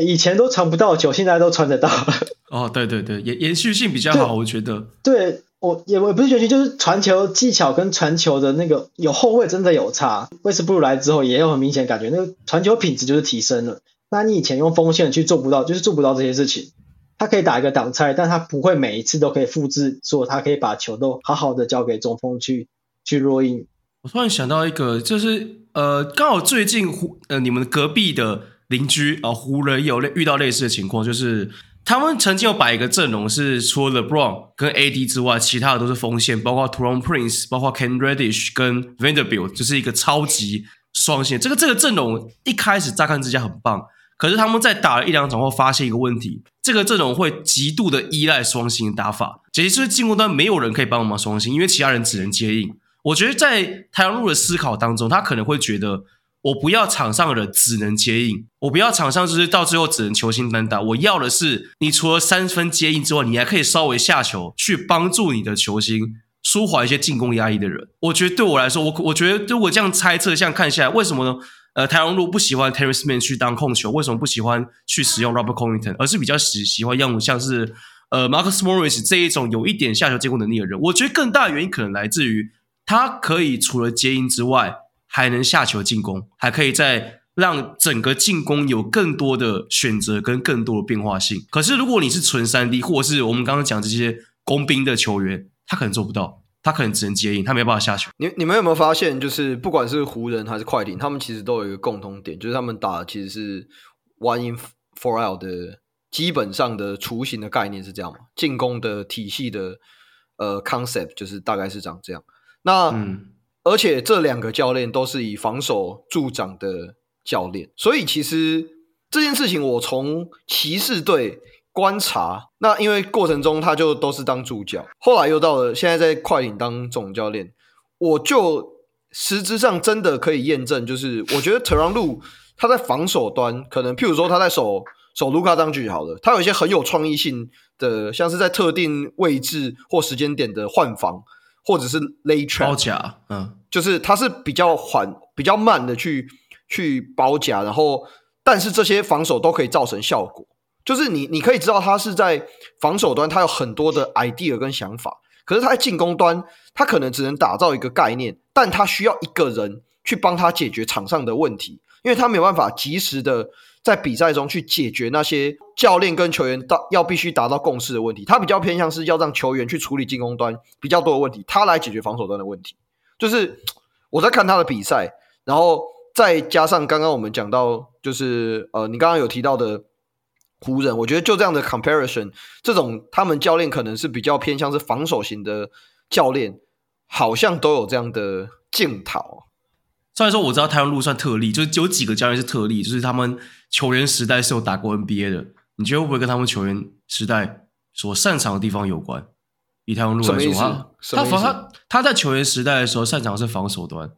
以前都傳不到球，現在都傳得到了。哦，對對對，延延續性比較好，我覺得。對，我也我不是覺得就是傳球技巧跟傳球的那個有後衛真的有差。威斯布魯來之後也有很明顯感覺，那個傳球品質就是提升了。那你以前用鋒線去做不到，就是做不到這些事情。他可以打一個擋拆，但他不會每一次都可以複制做，所以他可以把球都好好的交給中鋒去去 roll in。我突然想到一個，就是呃，剛好最近呃，你們隔壁的。鄰居啊，湖、呃、人有類遇到類似的情況，就是他們曾經有擺一個陣容，是除了 LeBron 跟 AD 之外，其他的都是鋒線，包括 Taurean Prince，包括 Cam Reddish 跟 Vanderbilt，就是一個超級雙星。這個這個陣容一開始乍看之下很棒，可是他們在打了一兩場後，發現一個問題，這個陣容會極度的依賴雙星的打法，其實是進攻端沒有人可以幫忙雙星，因為其他人只能接應。我覺得在台灣路的思考當中，他可能會覺得，我不要場上的人只能接應，我不要場上就是到最後只能球星單打。我要的是，你除了三分接應之外，你還可以稍微下球去幫助你的球星舒緩一些進攻壓抑的人。我覺得對我來說，我我覺得如果這樣猜測，這樣看下來，為什麼呢？呃，泰隆路不喜歡 Terance Mann 去當控球，為什麼不喜歡去使用 Robert Covington，而是比較喜喜歡用像是呃 Marcus Morris 這一種有一點下球進攻能力的人？我覺得更大的原因可能來自於他可以除了接應之外。還能下球進攻，還可以再讓整個進攻有更多的選擇跟更多的變化性。可是如果你是純三 D，或者是我們剛剛講這些工兵的球員，他可能做不到，他可能只能接應，他沒辦法下球。你你們有沒有發現，就是不管是湖人還是快艇，他們其實都有一個共通點，就是他們打的其實是 one in four out 的基本上的雛形的概念是這樣嘛？進攻的體系的呃 concept 就是大概是長這樣。那、嗯而且這兩個教練都是以防守助長的教練，所以其實這件事情我從騎士隊觀察，那因為過程中他就都是當助教，後來又到了現在在快艇當總教練，我就實質上真的可以驗證，就是我覺得特倫盧他在防守端可能，譬如說他在守守盧卡當局好了，他有一些很有創意性的，像是在特定位置或時間點的換防。或者是 lay trap 包夾，嗯，就是他是比較緩、比較慢的去去包夾，然後但是這些防守都可以造成效果。就是你你可以知道他是在防守端，他有很多的 idea 跟想法，可是他在進攻端，他可能只能打造一個概念，但他需要一個人去幫他解決場上的問題，因為他沒有辦法及時的。在比賽中去解決那些教練跟球員到要必須達到共識的問題。他比較偏向是要讓球員去處理進攻端比較多的問題，他來解決防守端的問題。就是我在看他的比賽，然後再加上剛剛我們講到，就是呃，你剛剛有提到的湖人，我覺得就這樣的 comparison，這種他們教練可能是比較偏向是防守型的教練，好像都有這樣的鏡頭。雖然說我知道泰倫盧算特例，就是有幾個教練是特例，就是他們球員時代是有打過 NBA 的。你覺得會不會跟他們球員時代所擅長的地方有關？以泰倫盧來說，他防他他，他在球員時代的時候擅長的是防守端，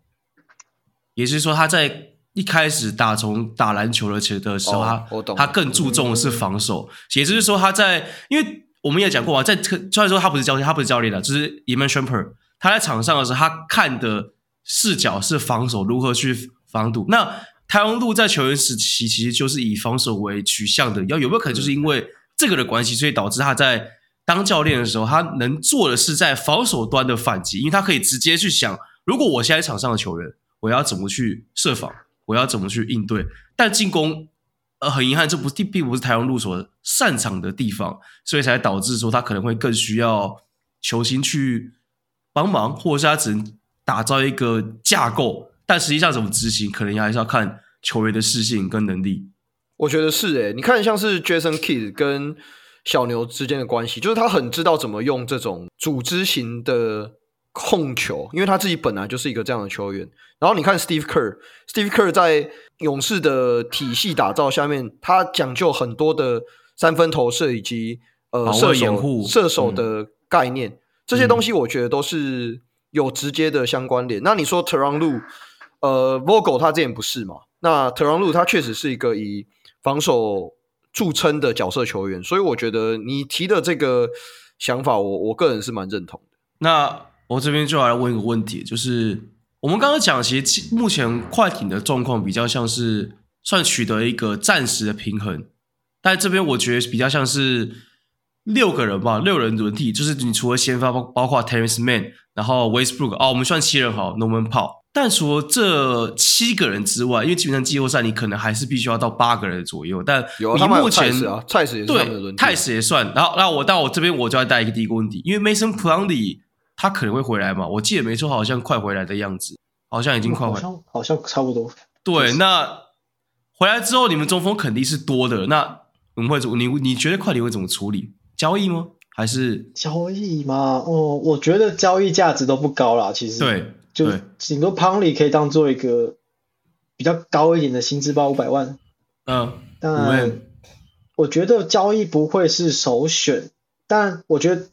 也就是說他在一開始打從打籃球的時的時候，哦、他他更注重的是防守，哦、也就是說他在因為我們也講過啊，在雖然說他不是教練，他不是教練啦，就是 Iman Shumpert 他在場上的時候他看的。視角是防守，如何去防堵？那台灣路在球員時期其實就是以防守為取向的，要有沒有可能就是因為這個的關係，所以導致他在當教練的時候，他能做的是在防守端的反擊，因為他可以直接去想，如果我現在場上的球員，我要怎麼去設防，我要怎麼去應對？但進攻，呃，很遺憾，這不是，並並不是台灣路所擅長的地方，所以才導致說他可能會更需要球星去幫忙，或者是他只能。打造一個架構，但實際上怎麼執行，可能還是要看球員的適性跟能力。我覺得是誒、欸，你看像是 Jason Kidd 跟小牛之間的關係，就是他很知道怎麼用這種組織型的控球，因為他自己本來就是一個這樣的球員。然後你看 Steve Kerr，Steve Kerr 在勇士的體系打造下面，他講究很多的三分投射以及呃掩護射手、掩護射手的概念、嗯，這些東西我覺得都是。嗯有直接的相關聯。那你說特朗路，呃，沃格爾他之前不是嘛？那特朗路他確實是一個以防守著稱的角色球員，所以我覺得你提的這個想法我，我我個人是蠻認同的。那我這邊就來問一個問題，就是我們剛剛講，其實目前快艇的狀況比較像是算取得一個暫時的平衡，但這邊我覺得比較像是。六個人吧，六人輪替，就是你除了先發包包括 Terrence Mann 然後 Westbrook，哦，我們算七人好，Norman 哈，Powell。但除了這七個人之外，因為基本上季後賽你可能還是必須要到八個人左右。但你目前，啊、對，史泰斯也算，史也算。然後，那我到我這邊，我就要帶一個第一個問題，因為 Mason Plumlee 他可能會回來嘛，我記得沒錯，好像快回來的樣子，好像已經快回來，好像，好像差不多。對，就是、那回來之後，你們中鋒肯定是多的，那我們會怎你你覺得快艇會怎麼處理？交易嗎？還是交易嘛？哦，我覺得交易價值都不高啦。其實對，就頂多 Plumlee 可以當做一個比較高一點的薪資包，五百萬。嗯，當然，我覺得交易不會是首選。但我覺得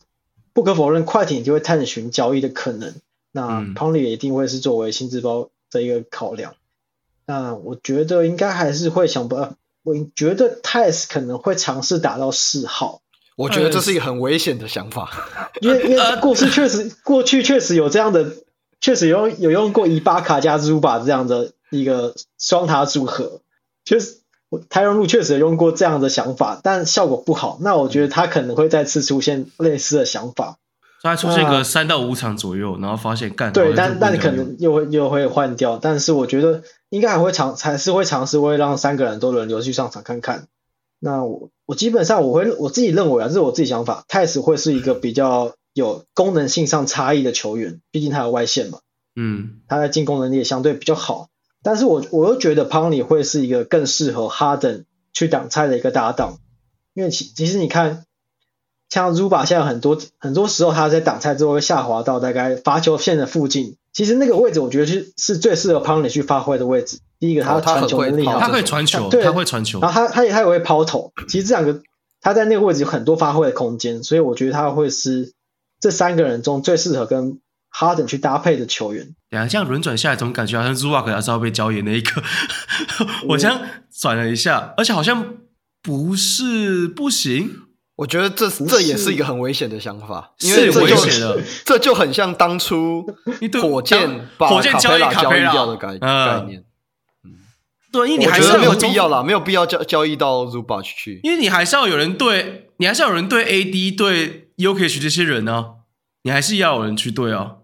不可否認，快艇就會探尋交易的可能。那 Plumlee 也一定會是作為薪資包的一個考量。嗯、那我覺得應該還是會想把，我覺得 Theis 可能會嘗試打到4號。我覺得這是一個很危險的想法，嗯，因 為，因為過去確實過去確實有這樣的，確實有有用過伊巴卡加 Zubac 這樣的一個雙塔組合，就是 Ty Lue 確實有用過這樣的想法，但效果不好。那我覺得他可能會再次出現類似的想法，他出現一個三到五場左右，啊，然後發現幹，對，但但可能又會又會換掉。但是我覺得應該還會嘗還是會嘗試會讓三個人都輪流去上場看看。那我我基本上我會我自己認為啊，這是我自己想法，泰斯會是一個比較有功能性上差異的球員，畢竟他有外線嘛，嗯，他的進攻能力也相對比較好。但是我我又覺得 Pony 會是一個更適合 Harden 去擋拆的一個搭檔，因為其其實你看，像 Zubac 現在很多很多時候他在擋拆之後會下滑到大概罰球線的附近。其實那個位置，我覺得是是最適合 Plumlee 去發揮的位置。第一個他、哦，他傳球，他會傳球，對，他會傳球。然後他他也他也會拋投。其實這兩個他在那個位置有很多發揮的空間，所以我覺得他會是這三個人中最適合跟 Harden 去搭配的球員。對，這樣輪轉下來，怎麼感覺好像 Zubac 還是要被交易那一個？ 我這樣轉了一下，而且好像不是不行。我覺得這這也是一個很危險的想法，因為這就是危險的，這就很像當初火箭火箭交易卡佩拉交易掉的概概念。嗯，對，因為你還是有沒有必要啦，沒有必要交交易到 Zubac 去，因為你還是要有人對你，還是要有人對 AD 對 Jokic 這些人呢、啊，你還是要有人去對啊。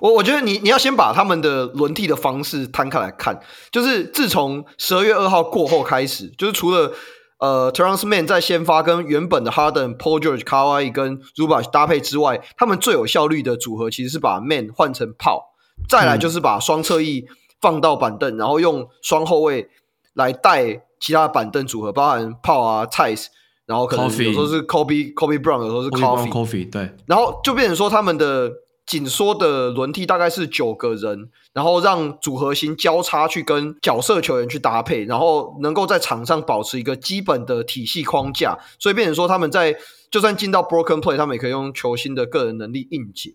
我我覺得你你要先把他們的輪替的方式攤開來看，就是自從十二月二號過後開始，就是除了。呃，Tran's Man 在先發跟原本的 e n Paul George、卡哇伊跟 Ruba 搭配之外，他們最有效率的組合其實是把 Man 換成炮，再來就是把雙側翼放到板凳、嗯，然後用雙後衛來帶其他板凳組合，包含炮啊、t i e 然後可能有時候是 Kobe Coffee, Kobe, Kobe Brown，有時候是 Coffee Coffee，對，然後就變成說他們的。緊縮的輪替大概是九個人，然後讓組合型交叉去跟角色球員去搭配，然後能夠在場上保持一個基本的體系框架，所以變成說他們在就算進到 Broken Play，他們也可以用球星的個人能力硬解。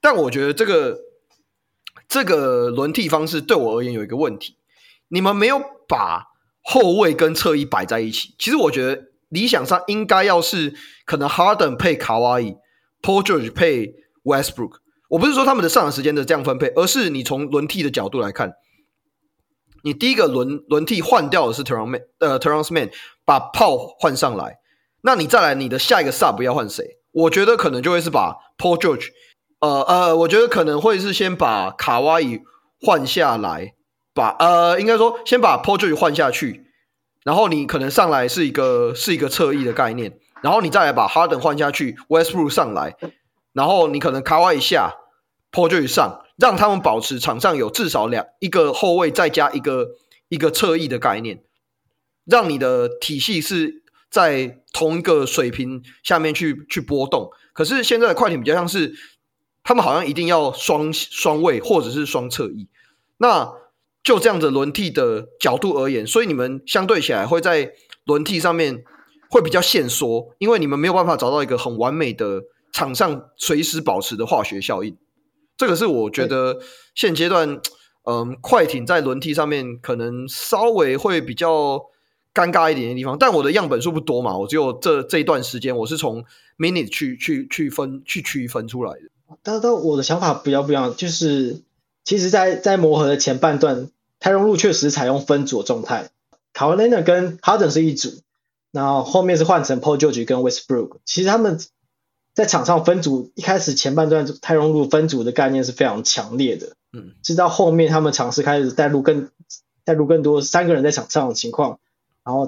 但我覺得這個這個輪替方式對我而言有一個問題，你們沒有把後衛跟側翼擺在一起。其實我覺得理想上應該要是可能 Harden 配卡哇伊 Paul George 配 Westbrook。我不是說他們的上場時間的這樣分配，而是你從輪替的角度來看，你第一個輪輪替換掉的是 Terance Mann，呃，Terance Mann 把 Powell 換上來，那你再來你的下一個 sub 要換誰？我覺得可能就會是把 Paul George。呃呃，我覺得可能會是先把卡哇伊換下來，把，呃，應該說先把 Paul George 換下去，然後你可能上來是一個是一個側翼的概念，然後你再來把 Harden 換下去，Westbrook 上來。然後你可能卡哇一下，坡就一上，讓他們保持場上有至少兩一個後衛，再加一個一個側翼的概念，讓你的體系是在同一個水平下面去去波動。可是現在的快艇比較像是，他們好像一定要雙雙位或者是雙側翼，那就這樣子輪替的角度而言，所以你們相對起來會在輪替上面會比較限縮，因為你們沒有辦法找到一個很完美的。場上隨時保持的化學效應，這個是我覺得現階段，嗯，快艇在輪替上面可能稍微會比較尷尬一點的地方。但我的樣本數不多嘛，我只有這這一段時間，我是從 minute 去去去分去區分出來的。但但我的想法比較不一樣，就是其實在，在在磨合的前半段，泰隆路確實採用分組的狀態，考萊納跟 Harden 是一組，然後,後面是換成 Paul George 跟 Westbrook。其實他們。在場上分組，一開始前半段泰隆路分組的概念是非常強烈的，嗯，直到後面他們嘗試開始帶入更帶入更多三個人在場上的情況，然後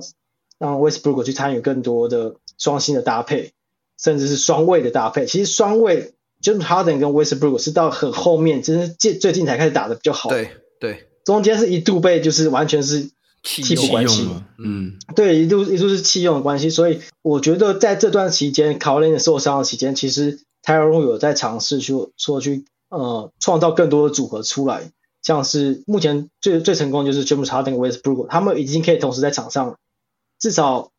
讓 Westbrook 去參與更多的雙星的搭配，甚至是雙衛的搭配。其實雙衛，Jim Harden 跟 Westbrook 是到很後面，就是最最近才開始打得比較好，對對，中間是一度被就是完全是。器用不關係，嗯，對，一就一就是器用的關係，所以我覺得在這段期間 Kawhi 受傷的期間，其實 Tyron 有在嘗試去說去呃創造更多的組合出來，像是目前最最成功就是 James Harden with、嗯、Westbrook，他們已經可以同時在場上了，至少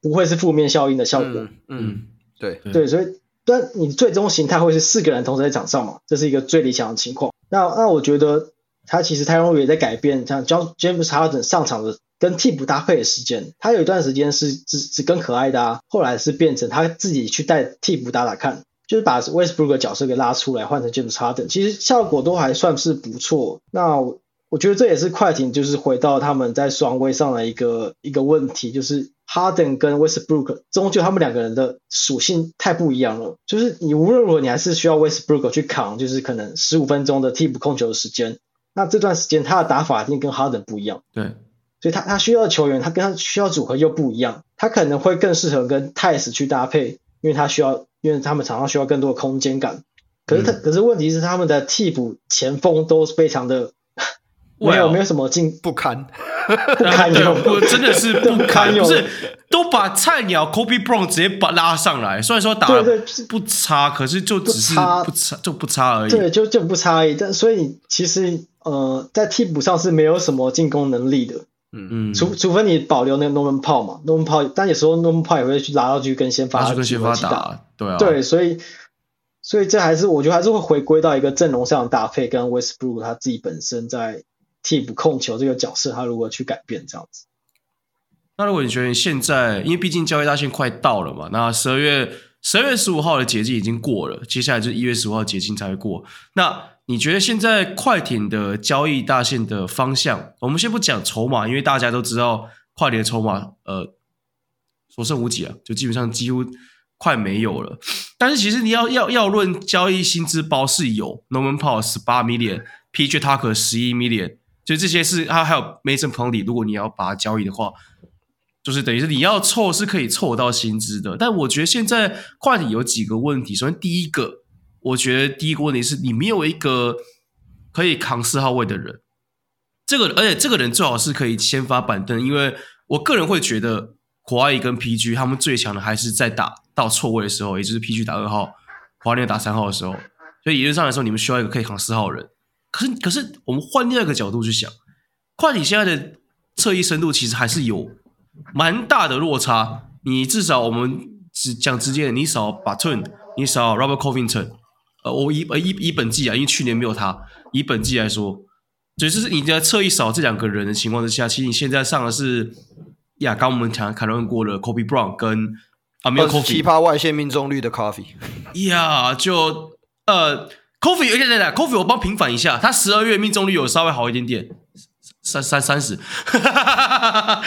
不會是負面效應的效果，嗯，嗯對對，所以但你最終形態會是四個人同時在場上嘛，這是一個最理想的情況，那那我覺得。他其實太容隊也在改變，像 Jam James Harden 上場的跟替補搭配的時間，他有一段時間是只只跟可愛的啊，後來是變成他自己去帶替補打打看，就是把 Westbrook 的角色給拉出來，換成 James Harden，其實效果都還算是不錯。那我，我覺得這也是快艇就是回到他們在雙衛上的一個一個問題，就是 Harden 跟 Westbrook 終究他們兩個人的屬性太不一樣了，就是你無論如何你還是需要 Westbrook 去扛，就是可能十五分鐘的替補控球的時間。那這段時間他的打法一定跟哈登不一樣，對，所以他他需要球員，他跟他需要組合又不一樣，他可能會更適合跟泰斯去搭配，因為他需要，因為他們場上需要更多的空間感。可是他、嗯、可是問題是他們的替補前鋒都非常的，wow, 沒有沒有什麼經不堪？沒 有，真的是不堪, 不堪，不是都把菜鳥 Kobe Brown 直接把拉上來，雖然說打得不差對對對，可是就只是不差,不差就不差而已，對，就就不差而已。但所以其實。呃，在替補上是沒有什麼進攻能力的，嗯嗯，除除非你保留那個 Norman Powell 嘛，Norman Powell，但有時候 Norman Powell 也會去拉到去跟先發去跟先發打，對啊，對，所以所以這還是我覺得還是會回歸到一個陣容上的搭配，跟 Westbrook 他自己本身在替補控球這個角色，他如何去改變這樣子。那如果你覺得你現在，因為畢竟交易大限快到了嘛，那十二月十二月十五號的截止已經過了，接下來就一月十五號截止才會過，那。你覺得現在快艇的交易大限的方向？我們先不講籌碼，因為大家都知道快艇的籌碼呃所剩無幾啊，就基本上幾乎快沒有了。但是其實你要要要論交易薪資包是有，Norman Powell 十八 million，P.J. Tucker 十一 million，所以這些是它、啊、還有 Mason Plumlee 如果你要把它交易的話，就是等於是你要湊是可以湊到薪資的。但我覺得現在快艇有幾個問題，首先第一個。我覺得第一個問題是，你沒有一個可以扛四號位的人。這個，而且這個人最好是可以先發板凳，因為我個人會覺得，Kawhi 跟 PG 他們最強的還是在打到錯位的時候，也就是 PG 打二號，Kawhi 打三號的時候。所以理論上來說，你們需要一個可以扛四號的人。可是，可是我們換另一個角度去想，快艇現在的側翼深度其實還是有蠻大的落差。你至少我們只講直接的，你少巴頓你少 Robert Covington。我、呃、以以以本季啊，因為去年沒有他，以本季來說，所就是你在測一少這兩個人的情況之下，其實你現在上的是呀，剛我們講討論過了，Kobe Brown 跟啊沒有 Coffee 奇葩外線命中率的 Coffee 呀，Yeah, 就呃 Coffee，有一點點啦 Coffee 我幫平反一下，他十二月命中率有稍微好一點點，三三三十，還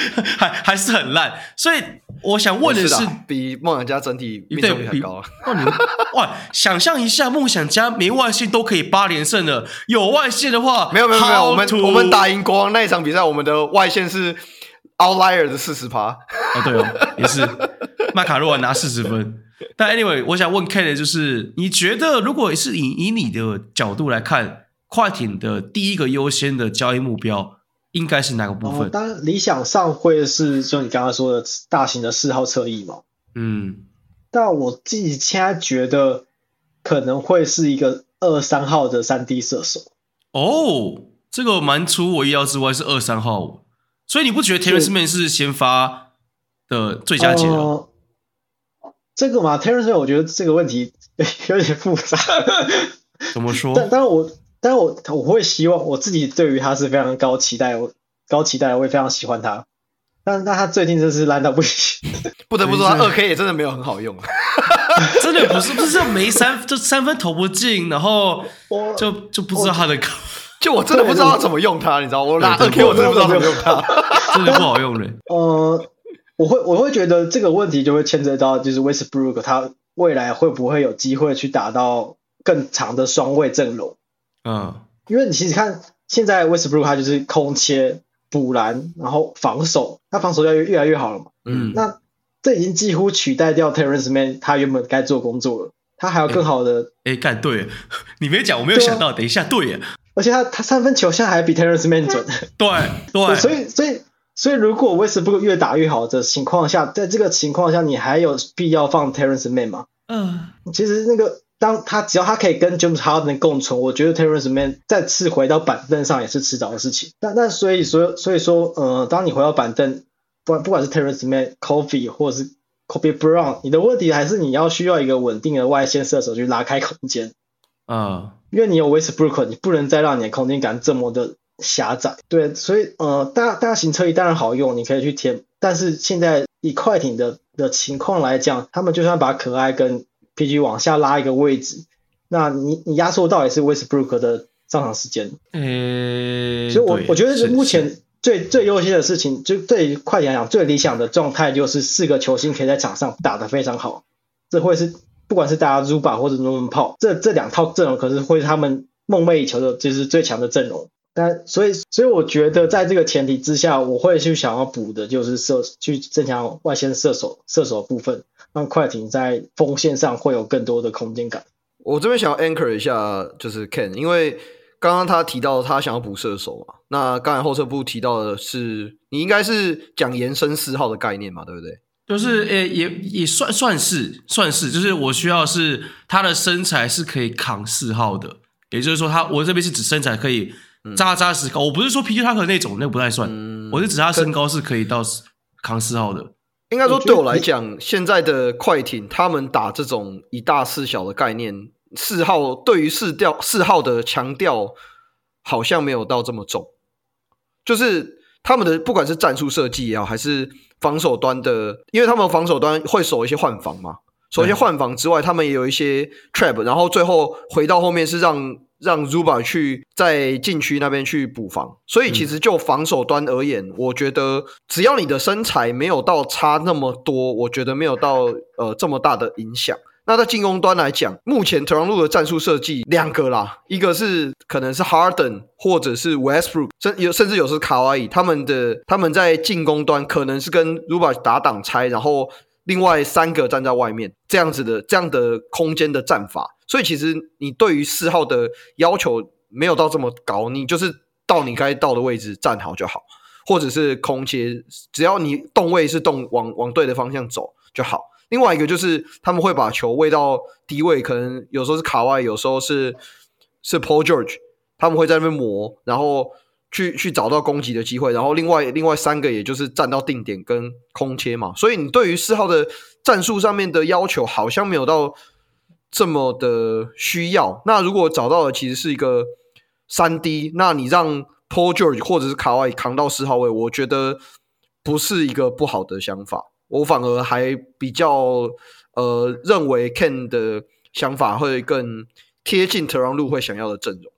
還是很爛，所以。我想問的是，是的比夢想家整體命中率還高、啊那你。哇，想象一下，夢想家沒外線都可以八連勝了，有外線的話……沒有沒有沒有，to... 我們我們打贏國王那一場比賽，我們的外線是 outlier 的四十趴。哦，對哦，也是麥卡洛、啊、拿四十分。但 Anyway，我想問 Ken 的就是，你覺得如果是以以你的角度來看，快艇的第一個優先的交易目標？應該是哪個部分？哦、當然，理想上會是就你剛剛說的大型的四號側翼嘛。嗯，但我自己現在覺得可能會是一個二三號的三 D 射手。哦，這個蠻出我意料之外是，是二三號。所以你不覺得 Terance Mann 是先發的最佳解、嗯？這個嘛，Terance Mann 我覺得這個問題有點複雜。 怎麼說？ 但但我。但是我我會希望我自己對於他是非常高期待，我高期待，我也非常喜歡他。但那他最近真是爛到不行， 不得不說他二 K 也真的沒有很好用、啊、 真的不是不 是沒三，就三分投不進，然後就就不知道他的，就我真的不知道他怎麼用他，你知道嗎？我打二 K 我真的不知道他怎麼用他， 真的不好用嘞、欸。 呃，我會我會覺得這個問題就會牽扯到，就是 Westbrook 他未來會不會有機會去打到更長的雙位陣容？嗯，因為你其實看現在 Westbrook 他就是空切補籃，然後防守，他防守要越來越好了嘛。嗯，那這已經幾乎取代掉 Terance Mann 他原本該做工作了。他還有更好的誒，幹、欸欸，對？你沒講，我沒有想到。對啊、等一下，對耶，而且他他三分球現在還比 Terance Mann 準。嗯、對對， 對。所以所以所以，所以如果 Westbrook 越打越好的情況下，在這個情況下，你還有必要放 Terance Mann 嗎？嗯，其實那個。當他只要他可以跟 James Harden 共存，我覺得 Terrence Mann 再次回到板凳上也是遲早的事情。那那所以所以所以說，呃，當你回到板凳，不管不管是 Terrence Mann、Coffey 或是 Coffey Brown，你的問題還是你要需要一個穩定的外線射手去拉開空間啊。Uh. 因為你有 Westbrook，你不能再讓你的空間感這麼的狹窄。對，所以呃大大型車衣當然好用，你可以去填。但是現在以快艇的的情況來講，他們就算把可愛跟 PG 往下拉一個位置，那你你壓縮到也是 Westbrook 的上場時間。嗯。所以我我覺得目前最是最優先的事情，就最快艇想最理想的狀態就是四個球星可以在場上打得非常好。這會是不管是打 Zubac 或者 Norman Powell，這這兩套陣容可是會是他們夢寐以求的就是最強的陣容。但所以所以我覺得在這個前提之下，我會去想要補的就是射，去增強外線射手射手的部分。讓快艇在鋒線上會有更多的空間感。我這邊想要 anchor 一下，就是 Ken，因為剛剛他提到他想要補射手嘛。那剛才後撤步提到的是，你應該是講延伸四號的概念嘛，對不對？就是，誒、欸，也也算算是算是，就是我需要是他的身材是可以扛四號的，也就是說他，他我這邊是指身材可以扎扎實實、嗯。我不是說脾氣他和那種，那個、不太算、嗯。我是指他身高是可以到4，扛四號的。應該說，對我來講，現在的快艇他們打這種以大制小的概念，四號對於四調四號的強調好像沒有到這麼重，就是他們的不管是戰術設計也好，還是防守端的，因為他們防守端會守一些換防嘛。首先換防之外、嗯，他們也有一些 trap，然後最後回到後面是讓讓 Zubac 去在禁區那邊去補防，所以其實就防守端而言，嗯，我覺得只要你的身材沒有到差那麼多，我覺得沒有到呃這麼大的影響。那在進攻端來講，目前 Tyronn Lue 的戰術設計兩個啦，一個是可能是 Harden 或者是 Westbrook，甚有甚至有時 Kawhi，他們的他們在進攻端可能是跟 Zubac 打擋拆，然後。另外三個站在外面，這樣子的這樣的空間的站法，所以其實你對於四號的要求沒有到這麼高，你就是到你該到的位置站好就好，或者是空切，只要你動位是動，往往對的方向走就好。另外一個就是他們會把球餵到低位，可能有時候是 Kawhi，有時候是是 Paul George，他們會在那邊磨，然後。去去找到攻擊的機會，然後另外另外三個也就是站到定點跟空切嘛，所以你對於四號的戰術上面的要求好像沒有到這麼的需要。那如果找到的其實是一個三 D，那你讓 Paul George 或者是卡哇伊扛到四號位，我覺得不是一個不好的想法。我反而還比較呃認為 Ken 的想法會更貼近特朗路會想要的陣容。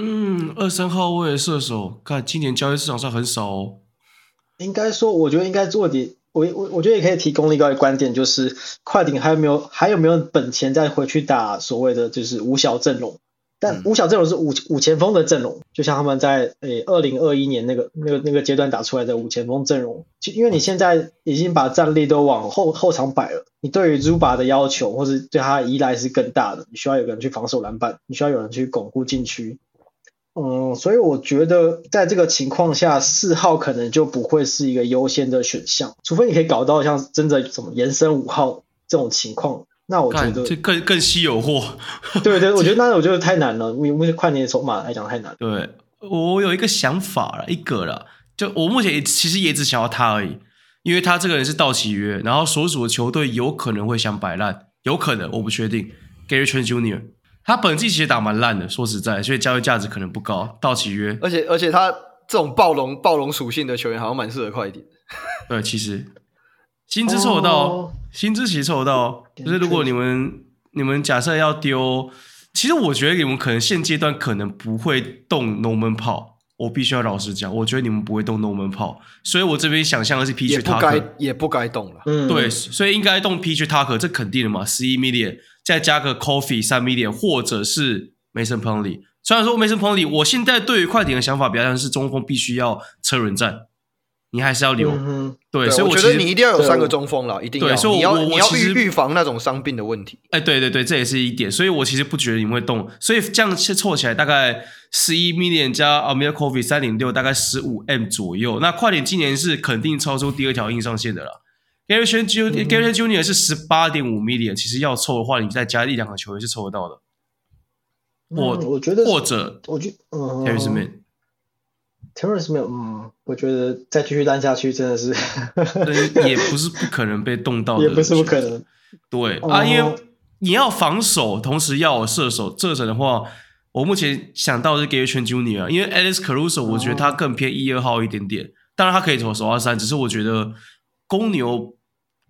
嗯，二三號位的射手，看今年交易市場上很少哦。應該說，我覺得應該做點，我我我覺得也可以提供一個，一個觀點，就是快艇還有沒有還有沒有本錢再回去打所謂的就是五小陣容？但五小陣容是五、嗯、五前鋒的陣容，就像他們在誒二零二一年那個那，那個那個階段打出來的五前鋒陣容。就因為你現在已經把戰力都往後後場擺了，你對於朱巴的要求或者對他的依賴是更大的，你需要有個人去防守籃板，你需要有人去鞏固禁區。嗯，所以我覺得在這個情況下，四號可能就不會是一個優先的選項，除非你可以搞到像真的什麼延伸五號這種情況。那我覺得這更更稀有貨。對對， 我覺得那我覺得太難了，因為快艇籌碼來講太難。對，我有一個想法了，一個了，就我目前也其實也只想要他而已，因為他這個人是到期約，然後所屬的球隊有可能會想擺爛，有可能我不確定。Gary Trent Jr.。他本季其實打蠻爛的，說實在，所以交易價值可能不高。到期約，而且而且他這種暴龍暴龍屬性的球員，好像蠻適合快艇的 對，其實薪資湊得到，薪、哦、資其實湊得到。就是如果你們你，你們假設要丟，其實我覺得你們可能現階段可能不會動 Norman Powell。我必須要老實講，我覺得你們不會動 Norman Powell，所以我這邊想象的是 PJ Tucker，也不該動了，嗯。對，所以應該動 PJ Tucker，這肯定的嘛，十一 million。再加個 Coffee 3 million，或者是 Mason Plumlee，雖然說 Mason Plumlee 我現在對於快艇的想法比較像是中鋒必須要車輪戰，你還是要留。嗯、對，對，所以我，我覺得你一定要有三個中鋒了，一定要。對，所以我你要我你要預預防那種傷病的問題。哎、欸，對對對，這也是一點。所以我其實不覺得你會動。所以這樣先湊起來大概11 million 加 Amir Coffee 3.6，大概十五 M 左右。那快艇今年是肯定超出第二條硬上限的了。Gary Trent Jr. 是十八點五 million，其實要抽的話，你再加一兩個球也是抽得到的。我、嗯、我覺得或者我覺得、嗯、，Terance Mann，Terance Mann，嗯，我覺得再繼續爛下去真的是、 嗯，也不是不可能被動到的，也不是不可能。對、嗯、啊，因為你要防守，同時要有射手，這層的話，我目前想到的是 Gary Trent Jr.，、啊、因為 Alex Caruso，我覺得他更偏一二號一點點、嗯，當然他可以投守二三，只是我覺得公牛。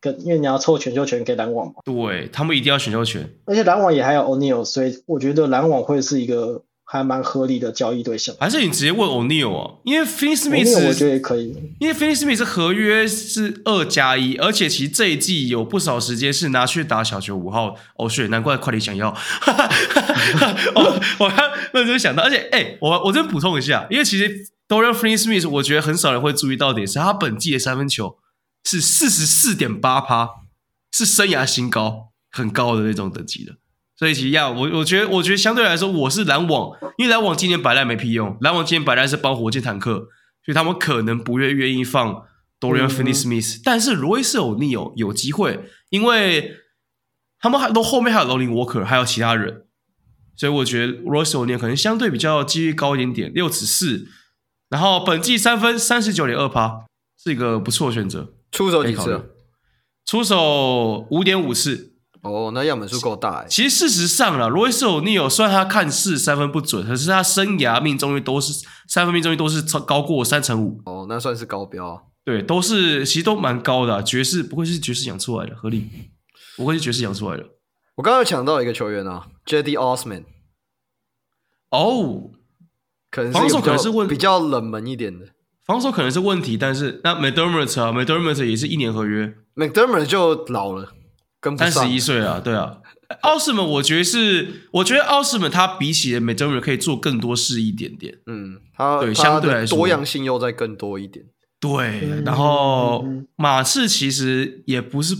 跟因為你要湊選秀權給籃網嘛，對他們一定要選秀權，而且籃網也還有 O'Neale，所以我覺得籃網會是一個還蠻合理的交易對象。還是你直接問 O'Neale 啊，因為 Finney Smith 我覺得可以，因為 Finney Smith 合約是二加一，而且其實這一季有不少時間是拿去打小球五號，哦，所以難怪快艇想要。哈哈哈，哈， 哦、 我我我真想到，而且哎、欸，我我這邊補充一下，因為其實 Dorian Finney-Smith，我覺得很少人會注意到的是，他本季的三分球。是四十四點八趴，是生涯新高，很高的那種等級的。所以，其實呀，我我覺得，我覺得相對來說，我是籃網，因為籃網今年擺爛沒屁用，籃網今年擺爛是幫火箭坦克，所以他們可能不願願意放 Dorian Finney-Smith，、mm -hmm. 但是 Royce O'Neale 有有機會，因為他們還都後面還有 Lonnie Walker 還有其他人，所以我覺得 Royce O'Neale 可能相對比較幾率高一點點，六尺四，然後本季三分三十九點二趴是一個不錯的選擇。出手幾次、啊？出手五點五次。哦、oh,，那樣本數夠大哎、欸。其實事實上啦，羅伊斯奧尼爾雖然他看似三分不準，可是他生涯命中率都是三分命中率都是超高過三成五。哦、oh,，那算是高標。對，都是其實都蠻高的、啊。爵士不愧是爵士養出來的合理，不愧是爵士養出來的。 我剛剛有搶到一個球員啊，Jeddy Osman。哦、oh,，防守可能是會比較冷門一點的。防守可能是問題，但是那 McDermott,、啊、McDermott 也是一年合約，McDermott 就老了，跟不上，三十一歲啊，對啊，奧、嗯、斯曼，我覺得是，我覺得奧斯曼他比起 McDermott 可以做更多事一點點，嗯，他對相對來說多樣性又再更多一點，對，嗯、然後、嗯、馬刺其實也不是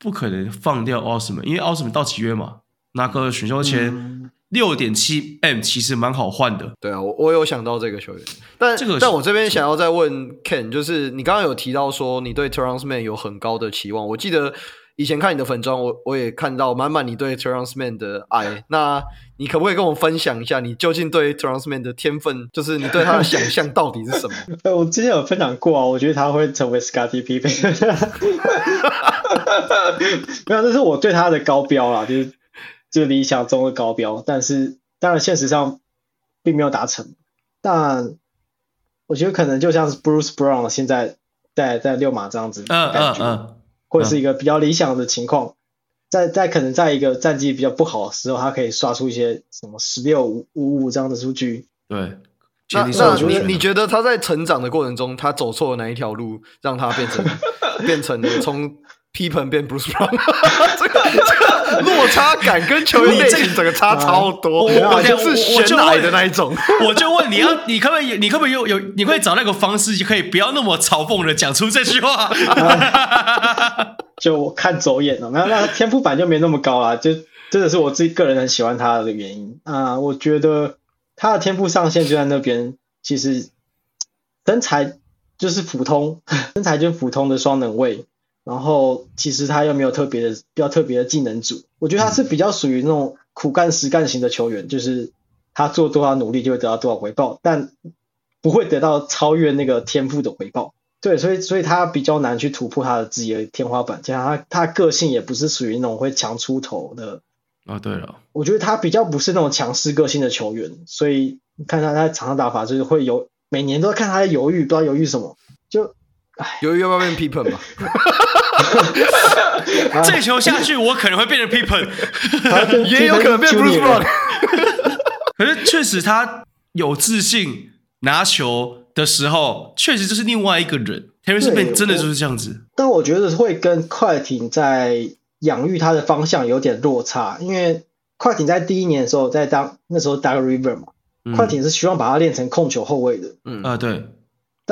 不可能放掉奧斯曼，因為奧斯曼到期約嘛，拿個選秀簽、嗯六點七 m 其實蠻好換的，對啊，我我有想到這個球員，但這個是但我這邊想要再問 Ken，就是你剛剛有提到說你對 Terance Mann 有很高的期望，我記得以前看你的粉專，我我也看到滿滿你對 Terance Mann 的愛、嗯，那你可不可以跟我分享一下，你究竟對 Terance Mann 的天分，就是你對他的想象到底是什麼？ 我之前有分享過啊，我覺得他會成為 Scottie Pippen， 沒有，這是我對他的高標啊，就是。最理想中的高標，但是當然，現實上並沒有達成。但我覺得可能就像是 Bruce Brown 現在在在溜馬這樣子嗯，嗯嗯會是一個比較理想的情況，uh. 在在可能在一個戰績比較不好的時候，他可以刷出一些什麼十六五五五這樣的數據。對那，那你覺得他在成長的過程中，他走錯了哪一條路，讓他變成 變成從批判變 Bruce Brown？這個這個。落差感跟球員背景整個差超多。啊，我好像、啊、是選矮的那一種。我就問 你要、啊，你可不可以，你可不可以有有，你可以找那個方式，就可以不要那麼嘲諷的講出這句話。 啊、就我看走眼了，那個天賦板就沒那麼高了。就真的是我自己個人很喜歡他的原因啊，我覺得他的天賦上限就在那邊。 其實身材就是普通，身材就是普通的雙能位。然後其實他又沒有特別的、比較特別的技能組，我覺得他是比較屬於那種苦幹實幹型的球員，就是他做多少努力就會得到多少回報，但不會得到超越那個天賦的回報。對，所以所以他比較難去突破他的自己的天花板。加上他他個性也不是屬於那種會強出頭的啊、哦。對了，我覺得他比較不是那種強勢個性的球員，所以你看他他在場上打法就是會猶，每年都在看他在猶豫，不知道猶豫什麼。由於要不要變皮蓬嘛？ 這球下去，我可能會變成皮蓬、啊，也有可能變 Bruce Brown。可是確實，他有自信拿球的時候，確實就是另外一個人。特別是變真的就是這樣子。但我覺得會跟快艇在養育他的方向有點落差，因為快艇在第一年的時候，在當那時候，Doc Rivers 嘛、嗯，快艇是希望把他練成控球後衛的。嗯啊、呃，對。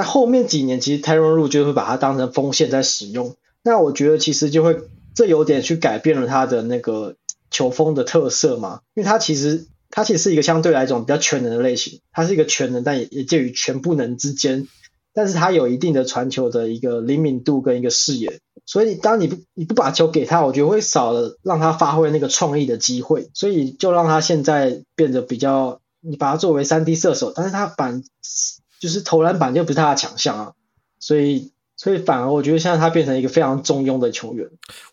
那後面幾年其實 Tyronn Lue 就會把它當成鋒線在使用。那我覺得其實就會這有點去改變了他的那個球風的特色嘛，因為他其實他其實是一個相對來講比較全能的類型，他是一個全能，但也也介於全不能之間。但是他有一定的傳球的一個靈敏度跟一個視野，所以當你不你不把球給他，我覺得會少了讓他發揮那個創意的機會。所以就讓他現在變得比較，你把它作為三 D 射手，但是他反。就是投籃板就不是他的強項啊，所以所以反而我覺得現在他變成一個非常中庸的球員。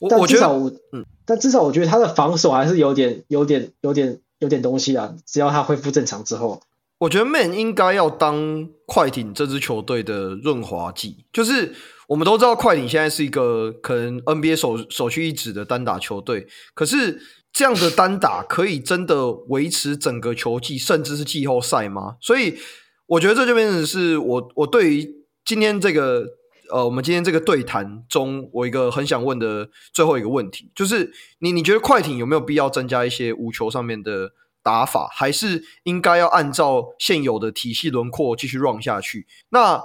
但至少我，嗯，但至少我覺得他的防守還是有點有點有點有點東西啊。只要他恢復正常之後，我覺得 Man 應該要當快艇這支球隊的潤滑劑。就是我們都知道快艇現在是一個可能 NBA 首首屈一指的單打球隊，可是這樣的單打可以真的維持整個球季， 甚至是季後賽嗎？所以。我覺得這就變成是我我對於今天這個呃，我們今天這個對談中，我一個很想問的最後一個問題，就是你你覺得快艇有沒有必要增加一些無球上面的打法，還是應該要按照現有的體系輪廓繼續 run 下去？那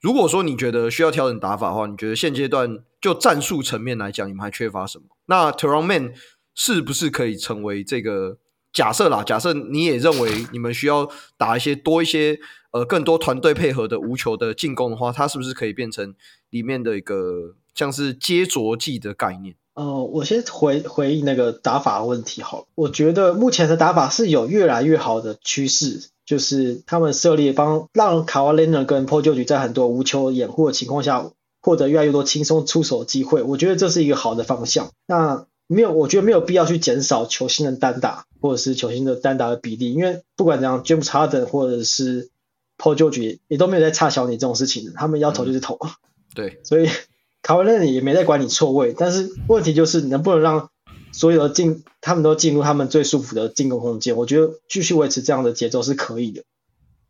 如果說你覺得需要調整打法的話，你覺得現階段就戰術層面來講，你們還缺乏什麼？那 Terance Mann 是不是可以成為這個？假設啦，假設你也認為你們需要打一些多一些，呃，更多團隊配合的無球的進攻的話，它是不是可以變成裡面的一個像是接着技的概念？哦、呃，我先回回憶那個打法問題好了。我覺得目前的打法是有越來越好的趨勢，就是他們設立幫讓 Kawhi Leonard 跟 Paul George 在很多無球掩護的情況下，獲得越來越多輕鬆出手機會。我覺得這是一個好的方向。那沒有，我覺得沒有必要去減少球星的單打或者是球星的單打的比例，因為不管怎樣，James Harden 或者是 Paul George 也都沒有在差小你這種事情，他們要投就是投。嗯、對，所以 Kawhi Leonard 也沒在管你錯位，但是問題就是能不能讓所有的進他們都進入他們最舒服的進攻空間。我覺得繼續維持這樣的節奏是可以的。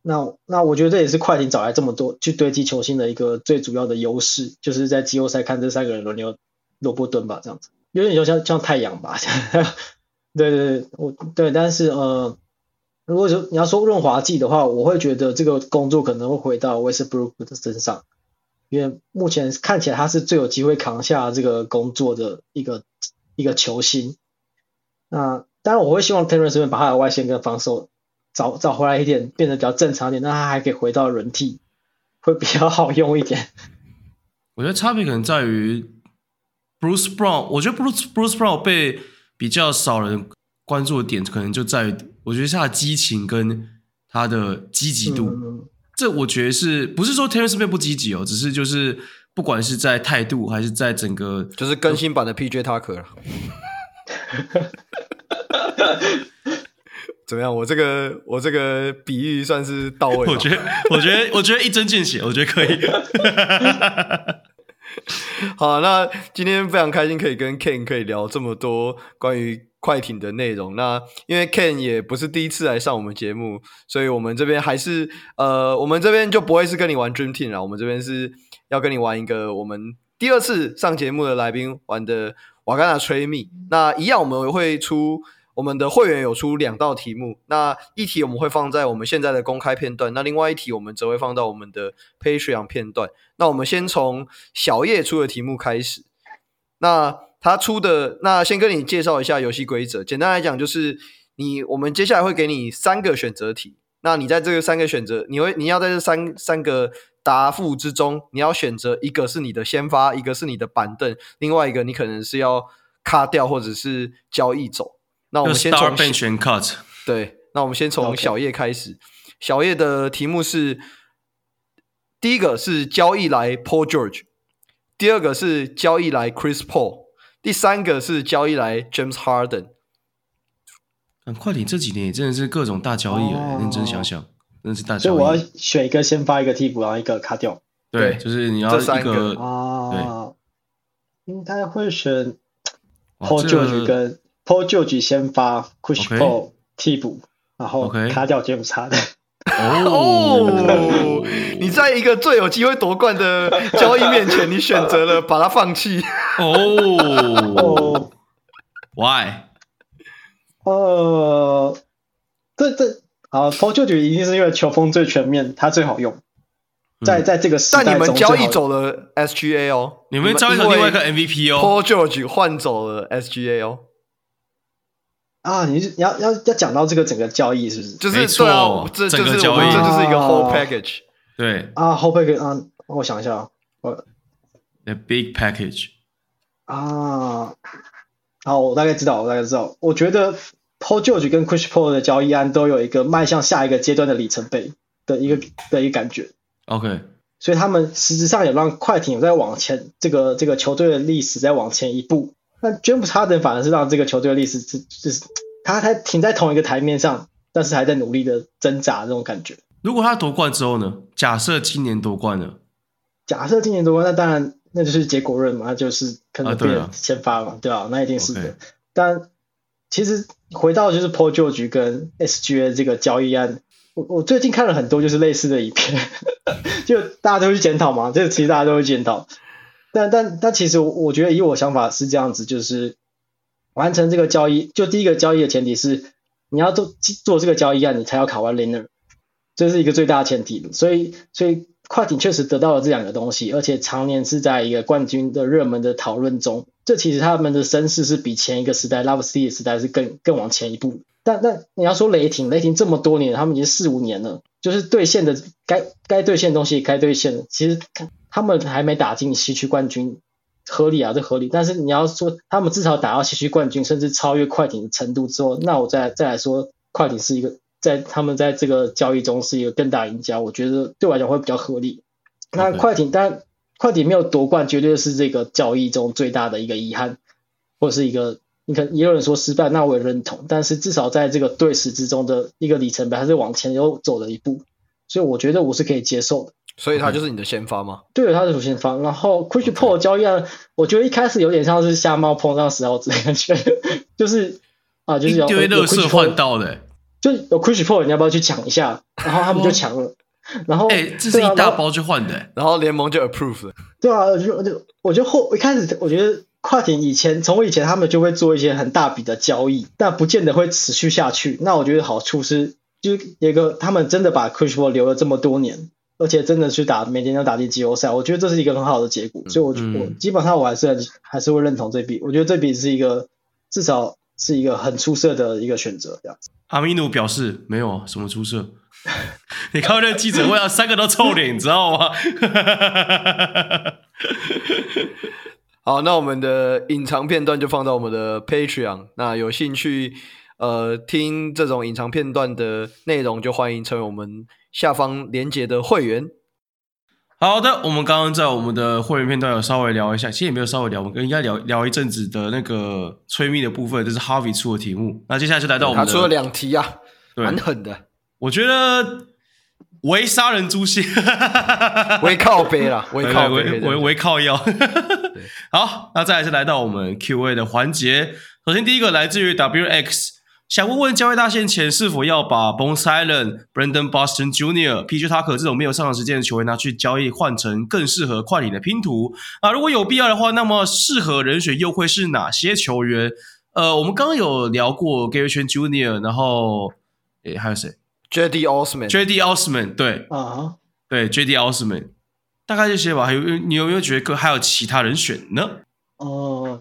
那那我覺得這也是快艇找來這麼多去堆積球星的一個最主要的優勢，就是在季後賽看這三個人輪流蘿蔔蹲吧，這樣子。有點就像像太陽吧， 對對對，我對，但是呃，如果說你要說潤滑劑的話，我會覺得這個工作可能會回到 Westbrook 的身上，因為目前看起來他是最有機會扛下這個工作的一個一個球星。那當然，我會希望 Terance Mann 把他的外線跟防守找找回來一點，變得比較正常一點，那他還可以回到輪替，會比較好用一點。我覺得差別可能在於。Bruce Brown，我覺得 Bruce Brown 被比較少人關注的點，可能就在於我覺得是他的激情跟他的積極度、嗯。這我覺得是不是說 Terance Mann 不積極哦？只是就是不管是在態度還是在整個，就是更新版的 PJ Tucker 怎麼樣？我這個我這個比喻算是到位？我覺得我覺得我覺得一針見血，我覺得可以。 好，那今天非常開心可以跟 Ken 可以聊這麼多關於快艇的內容。那因為 Ken 也不是第一次來上我們節目，所以我們這邊還是呃，我們這邊就不會是跟你玩 Dream Team 啦，我們這邊是要跟你玩一個我們第二次上節目的來賓玩的瓦甘達 Three Way。那一樣我們會出。我們的會員有出兩道題目，那一題我們會放在我們現在的公開片段，那另外一題我們則會放到我們的 Patreon 片段。那我們先從小葉出的題目開始。那他出的，那先跟你介紹一下遊戲規則。簡單來講，就是你我們接下來會給你三個選擇題。那你在這個三個選擇，你會你要在這三三個答覆之中，你要選擇一個是你的先發，一個是你的板凳，另外一個你可能是要 cut 掉或者是交易走。那我們先從、no star bench and、cut. 對，那我們先從小葉開始。Okay、小葉的題目是：第一個是交易來 Paul George，第二個是交易來 Chris Paul，第三個是交易來 James Harden。嗯，快艇這幾年也真的是各種大交易了，認、哦、真想想，真是大交易。所以我要選一個先發一個替補，然後一個卡掉。對，就是你要是一個這三個啊。應該會選 Paul、哦、George、這個、跟。Paul George 先發 p u s h p e r 替補，然後卡掉 James Harden 哦， 你在一個最有機會奪冠的交易面前，你選擇了把他放棄、oh。哦、 oh、，Why？呃，這這啊 Paul George 一定是因為球風最全面，他最好用。在在這個時代中、嗯、但你們交易走了 SGA 哦，你們交易走另外一個 MVP 哦，Paul George 換走了 SGA 哦。啊，你你要要要講到這個整個交易是不是？就是說這就是交易，這就是一個 whole package、uh, 對。對、uh, 啊，whole package。嗯，我想一下，我、okay, the big package。啊，好，我大概知道，我大概知道。我覺得 Paul George 跟 Chris Paul 的交易案都有一個邁向下一個階段的里程碑的一個的一個感覺。OK，所以他們實際上也讓快艇在往前，這個這個球隊的歷史在往前一步。那 James Harden 反而是讓這個球隊的歷史、就是是，他還停在同一個台面上，但是還在努力的掙扎這種感覺。如果他奪冠之後呢？假設今年奪冠了，假設今年奪冠，那當然那就是結果論嘛，就是可能變先發嘛，啊、對吧、啊啊？那一定是的。Okay、但其實回到就是 Paul George 跟 SGA 這個交易案，我我最近看了很多就是類似的影片， 就大家都會檢討嘛，這個其實大家都會檢討。但但但其實，我覺得以我想法是這樣子，就是完成這個交易，就第一個交易的前提是，你要做做這個交易案，你才要 Kawhi Leonard，這是一個最大的前提。所以所以快艇確實得到了這兩個東西，而且常年是在一個冠軍的熱門的討論中。這其實他們的聲勢是比前一個時代 Lob City 的時代是更更往前一步。但但你要說雷霆，雷霆這麼多年，他們已經四五年了，就是兌現的該該兌現的東西該兌現的，其實。他們還沒打進西區冠軍，合理啊，這合理。但是你要說他們至少打到西區冠軍，甚至超越快艇的程度之後，那我再再來說，快艇是一個在他們在這個交易中是一個更大贏家，我覺得對我來講會比較合理。那快艇，okay. 但快艇沒有奪冠，絕對是這個交易中最大的一個遺憾，或者是一個，你可能也有人說失敗，那我也認同。但是至少在這個對峙之中的一個里程碑，還是往前又走了一步，所以我覺得我是可以接受的。所以它就是你的先發嗎？Okay. 對，它是主先發。然後 Chris Paul 交易，啊，okay. 我覺得一開始有點像是瞎貓碰到死耗子的感覺，就是啊，就是有 有 Chris Paul 換到的、欸，就有 Chris Paul 你要不要去搶一下？然後他們就搶了， 然後哎、欸，這是一大包去換的，然後聯 盟就 approve 了。對啊，就就我就後一開始，我覺得快艇以前，從以前他們就會做一些很大筆的交易，但不見得會持續下去。那我覺得好處是，就是一個他們真的把 Chris Paul 留了這麼多年。而且真的去打，每天要打進季後賽，我覺得這是一個很好的結果，所以我我，我、嗯、我基本上我還是還是會認同這筆。我覺得這筆是一個，至少是一個很出色的一個選擇，這樣子。阿米努表示沒有啊，什麼出色？ 你看那記者會啊，三個都臭臉， 你知道嗎？ 好，那我們的隱藏片段就放到我們的 Patreon，那有興趣呃聽這種隱藏片段的內容，就歡迎成為我們。下方鏈接的會員，好的，我們剛剛在我們的會員片段有稍微聊一下，其實也沒有稍微聊，我們跟人家聊聊一陣子的那個催命的部分，這、就是 Harvey 出的題目。那接下來就來到我們，他出了兩題啊，蠻狠的。我覺得唯殺人誅心，唯 靠背啦，唯靠背唯唯靠腰。 好，那再一次來到我們 Q A 的環節，首先第一個來自於 W X。想問問交易大限前是否要把 Bones Hyland Brandon Boston Junior、PJ Tucker 這種沒有上場時間的球員拿去交易，換成更適合快艇的拼圖啊？如果有必要的話，那麼適合人選又會是哪些球員？呃，我們剛剛有聊過 Gary Trent Junior，然後誒還有誰 Cedi Osman Cedi Osman，對啊，uh -huh. 對 Cedi Osman，大概這些吧。還有你有沒有覺得還有其他人選呢？哦、uh,，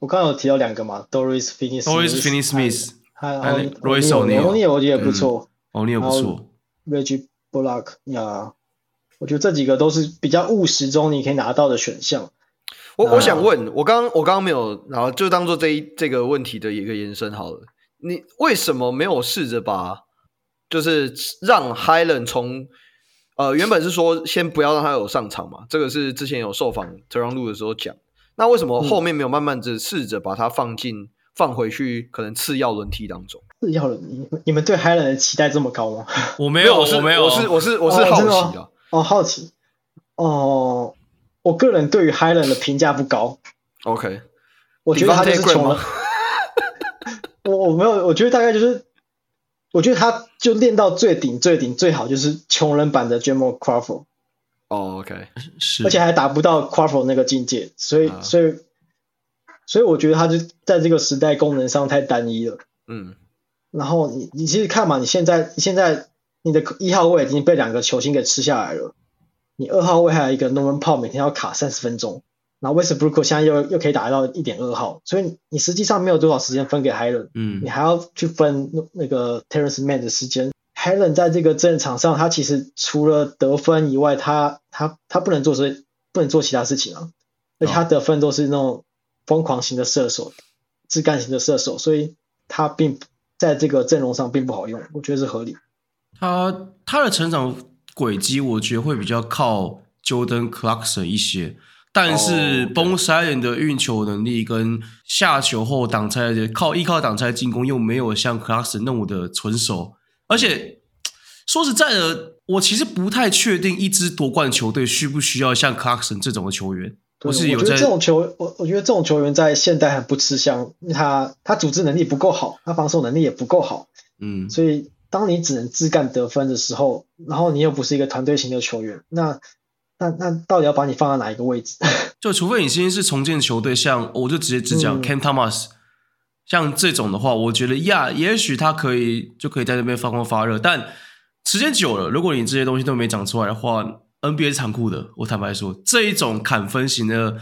我剛剛有提到兩個嘛，Dorian Finney Dorian Finney-Smith。還有羅伊索，羅、啊、l、哦、我覺得也不錯，羅、嗯、伊、哦、也不錯。Reg b o u l o c k 呀、啊，我覺得這幾個都是比較務實中你可以拿到的選項。我我想問，我剛剛我剛剛沒有，然後就當做這一這個問題的一個延伸好了。你為什麼沒有試着把，就是讓 Helen 從呃原本是說先不要讓他有上場嘛？這個是之前有受訪 Taron 路，的時候講。那為什麼後面沒有慢慢的試着把他放進？嗯放回去可能次要輪替當中。次要輪替，你你們對 Highland 的期待這麼高嗎？我沒有， 我是我是我是、哦、我是好奇的，哦的。哦，好奇。哦，我個人對於 Highland 的評價不高。 OK。我覺得他就是窮人。 我我沒有，我覺得大概就是，我覺得他就練到最頂最頂最好就是窮人版的 Jamal Crawford。哦、oh，OK。是。而且還達不到 Crawford 那個境界，所以、啊、所以。所以我覺得他就在這個時代功能上太單一了。嗯，然後你你其實看嘛，你現在現在你的一號位已經被兩個球星給吃下來了，你二號位還有一個 Norman Powell 每天要卡三十分鐘，然後威斯布魯克現在又又可以打到一點二號，所以你實際上沒有多少時間分給 Hyland。嗯，你還要去分那那個 Terance Mann 的時間。Hyland 在這個戰場上，他其實除了得分以外，他他他不能做什不能做其他事情啊，而且他得分都是那種，瘋狂型的射手、枝幹型的射手，所以他並在這個陣容上並不好用，我覺得是合理。他他的成長軌跡，我覺得會比較靠 Jordan Clarkson 一些，但是 Bones Hyland 的運球能力跟下球後擋拆靠依靠擋拆進攻，又沒有像 Clarkson 那麼的純熟。而且說實在的，我其實不太確定一支奪冠球隊需不需要像 Clarkson 這種的球員。我是我覺得這種球，我我覺得這種球員在現代很不吃香，他他組織能力不夠好，他防守能力也不夠好，嗯，所以當你只能自幹得分的時候，然後你又不是一個團隊型的球員，那那那到底要把你放在哪一個位置？ 就除非你現在是重建球隊，像我就直接只講、嗯、Cam Thomas，像這種的話，我覺得呀，也許他可以就可以在這邊發光發熱，但時間久了，如果你這些東西都沒講出來的話。NBA 殘酷的，我坦白說，這一種砍分型的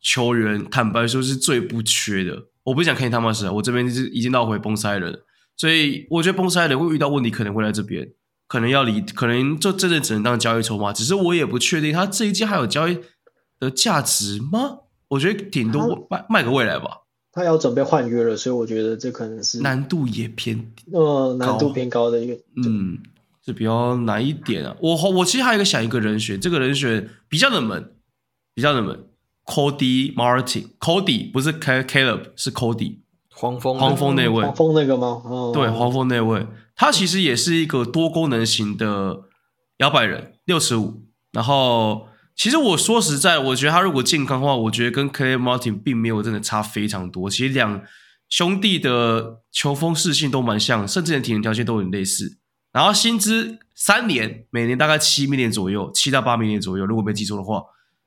球員，坦白說是最不缺的。我不想看你他媽事，我這邊是已經到回崩塞了，所以我覺得崩塞人會遇到問題，可能會來這邊，可能要離，可能就真的只能當交易籌碼。只是我也不確定他這一季還有交易的價值嗎？我覺得頂多賣賣個未來吧。他要準備換約了，所以我覺得這可能是難度也偏低，呃、難度偏高的一個嗯。比較難一點啊，我我其實還有個想一個人選，這個人選比較冷門，比較冷門，Cody Martin，Cody 不是 Caleb 是 Cody，黃蜂黃蜂，黃蜂那位黃蜂那個嗎？哦，對，黃蜂那位，他其實也是一個多功能型的搖擺人，六十五。然後其實我說實在，我覺得他如果健康的話，我覺得跟 Caleb Martin 並沒有真的差非常多。其實兩兄弟的球風視性都蠻像，甚至連體能條件都很類似。然後薪資三年，每年大概七 million 左右，七到八 million 左右，如果沒記錯的話，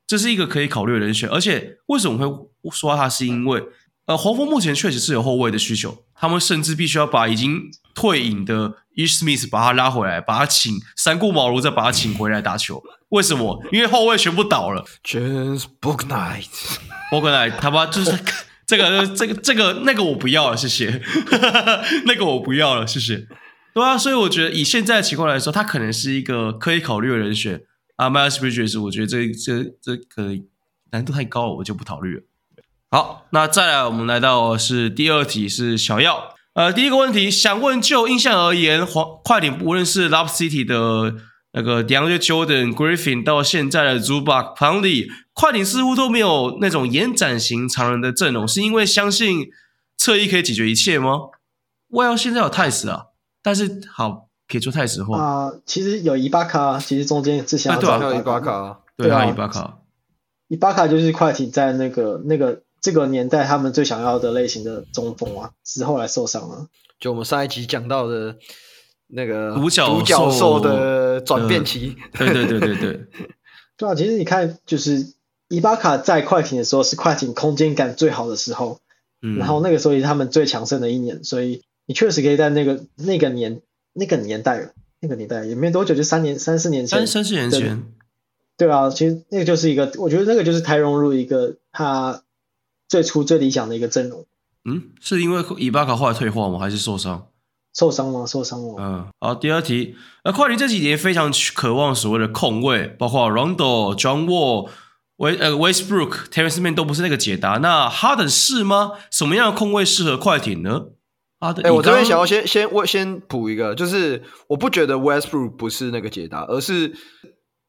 這是一個可以考慮的人選。而且為什麼會說他，是因為呃，黃蜂目前確實是有後衛的需求，他們甚至必須要把已經退隱的伊斯密斯把他拉回來，把他請三顧茅廬，再把他請回來打球。為什麼？因為後衛全部倒了。James Bouknight，Bouknight 他媽就是 這個這個這個那個我不要了，謝謝，那個我不要了，謝謝。 對啊，所以我覺得以現在的情況來說，他可能是一個可以考慮的人選啊。Miles Bridges 我覺得這這這可能難度太高了，我就不考慮了。好，那再來，我們來到是第二題，是小藥。呃，第一個問題想問，就印象而言，黃快艇無論是 Love City 的那個 DeAndre Jordan Griffin 到現在的 Zubac Poundy 快艇似乎都沒有那種延展型長人的陣容，是因為相信側翼可以解決一切嗎？哇，現在有泰斯啊！但是好，撇除太直話啊。其實有伊巴卡，其實中間之前想要伊巴卡，哎對啊，有伊卡哦，對啊，對啊，伊巴卡，伊巴卡就是快艇在那個那個這個年代他們最想要的類型的中鋒啊，之後來受傷了，啊。就我們上一集講到的那個獨角獸的轉變期，嗯，對對對對對 ，對啊，其實你看，就是伊巴卡在快艇的時候是快艇空間感最好的時候，嗯，然後那個時候也是他們最強盛的一年，所以。你確實可以在那個那個年那個年代那個年代也沒多久，就三年三四年前，三三四年前對，對啊，其實那個就是一個，我覺得那個就是台融入一個他最初最理想的一個陣容。嗯，是因為伊巴卡後來退化嗎？還是受傷？受傷了，受傷了。嗯，好，第二題，而快艇這幾年非常渴望所謂的控衛，包括 Rondo、John Wall Way, 呃、呃 Westbrook、Terance Mann 都不是那個解答。那 Harden 是嗎？什麼樣的控衛適合快艇呢？哎，我這邊想要先先我先補一個，就是我不覺得 Westbrook 不是那個解答，而是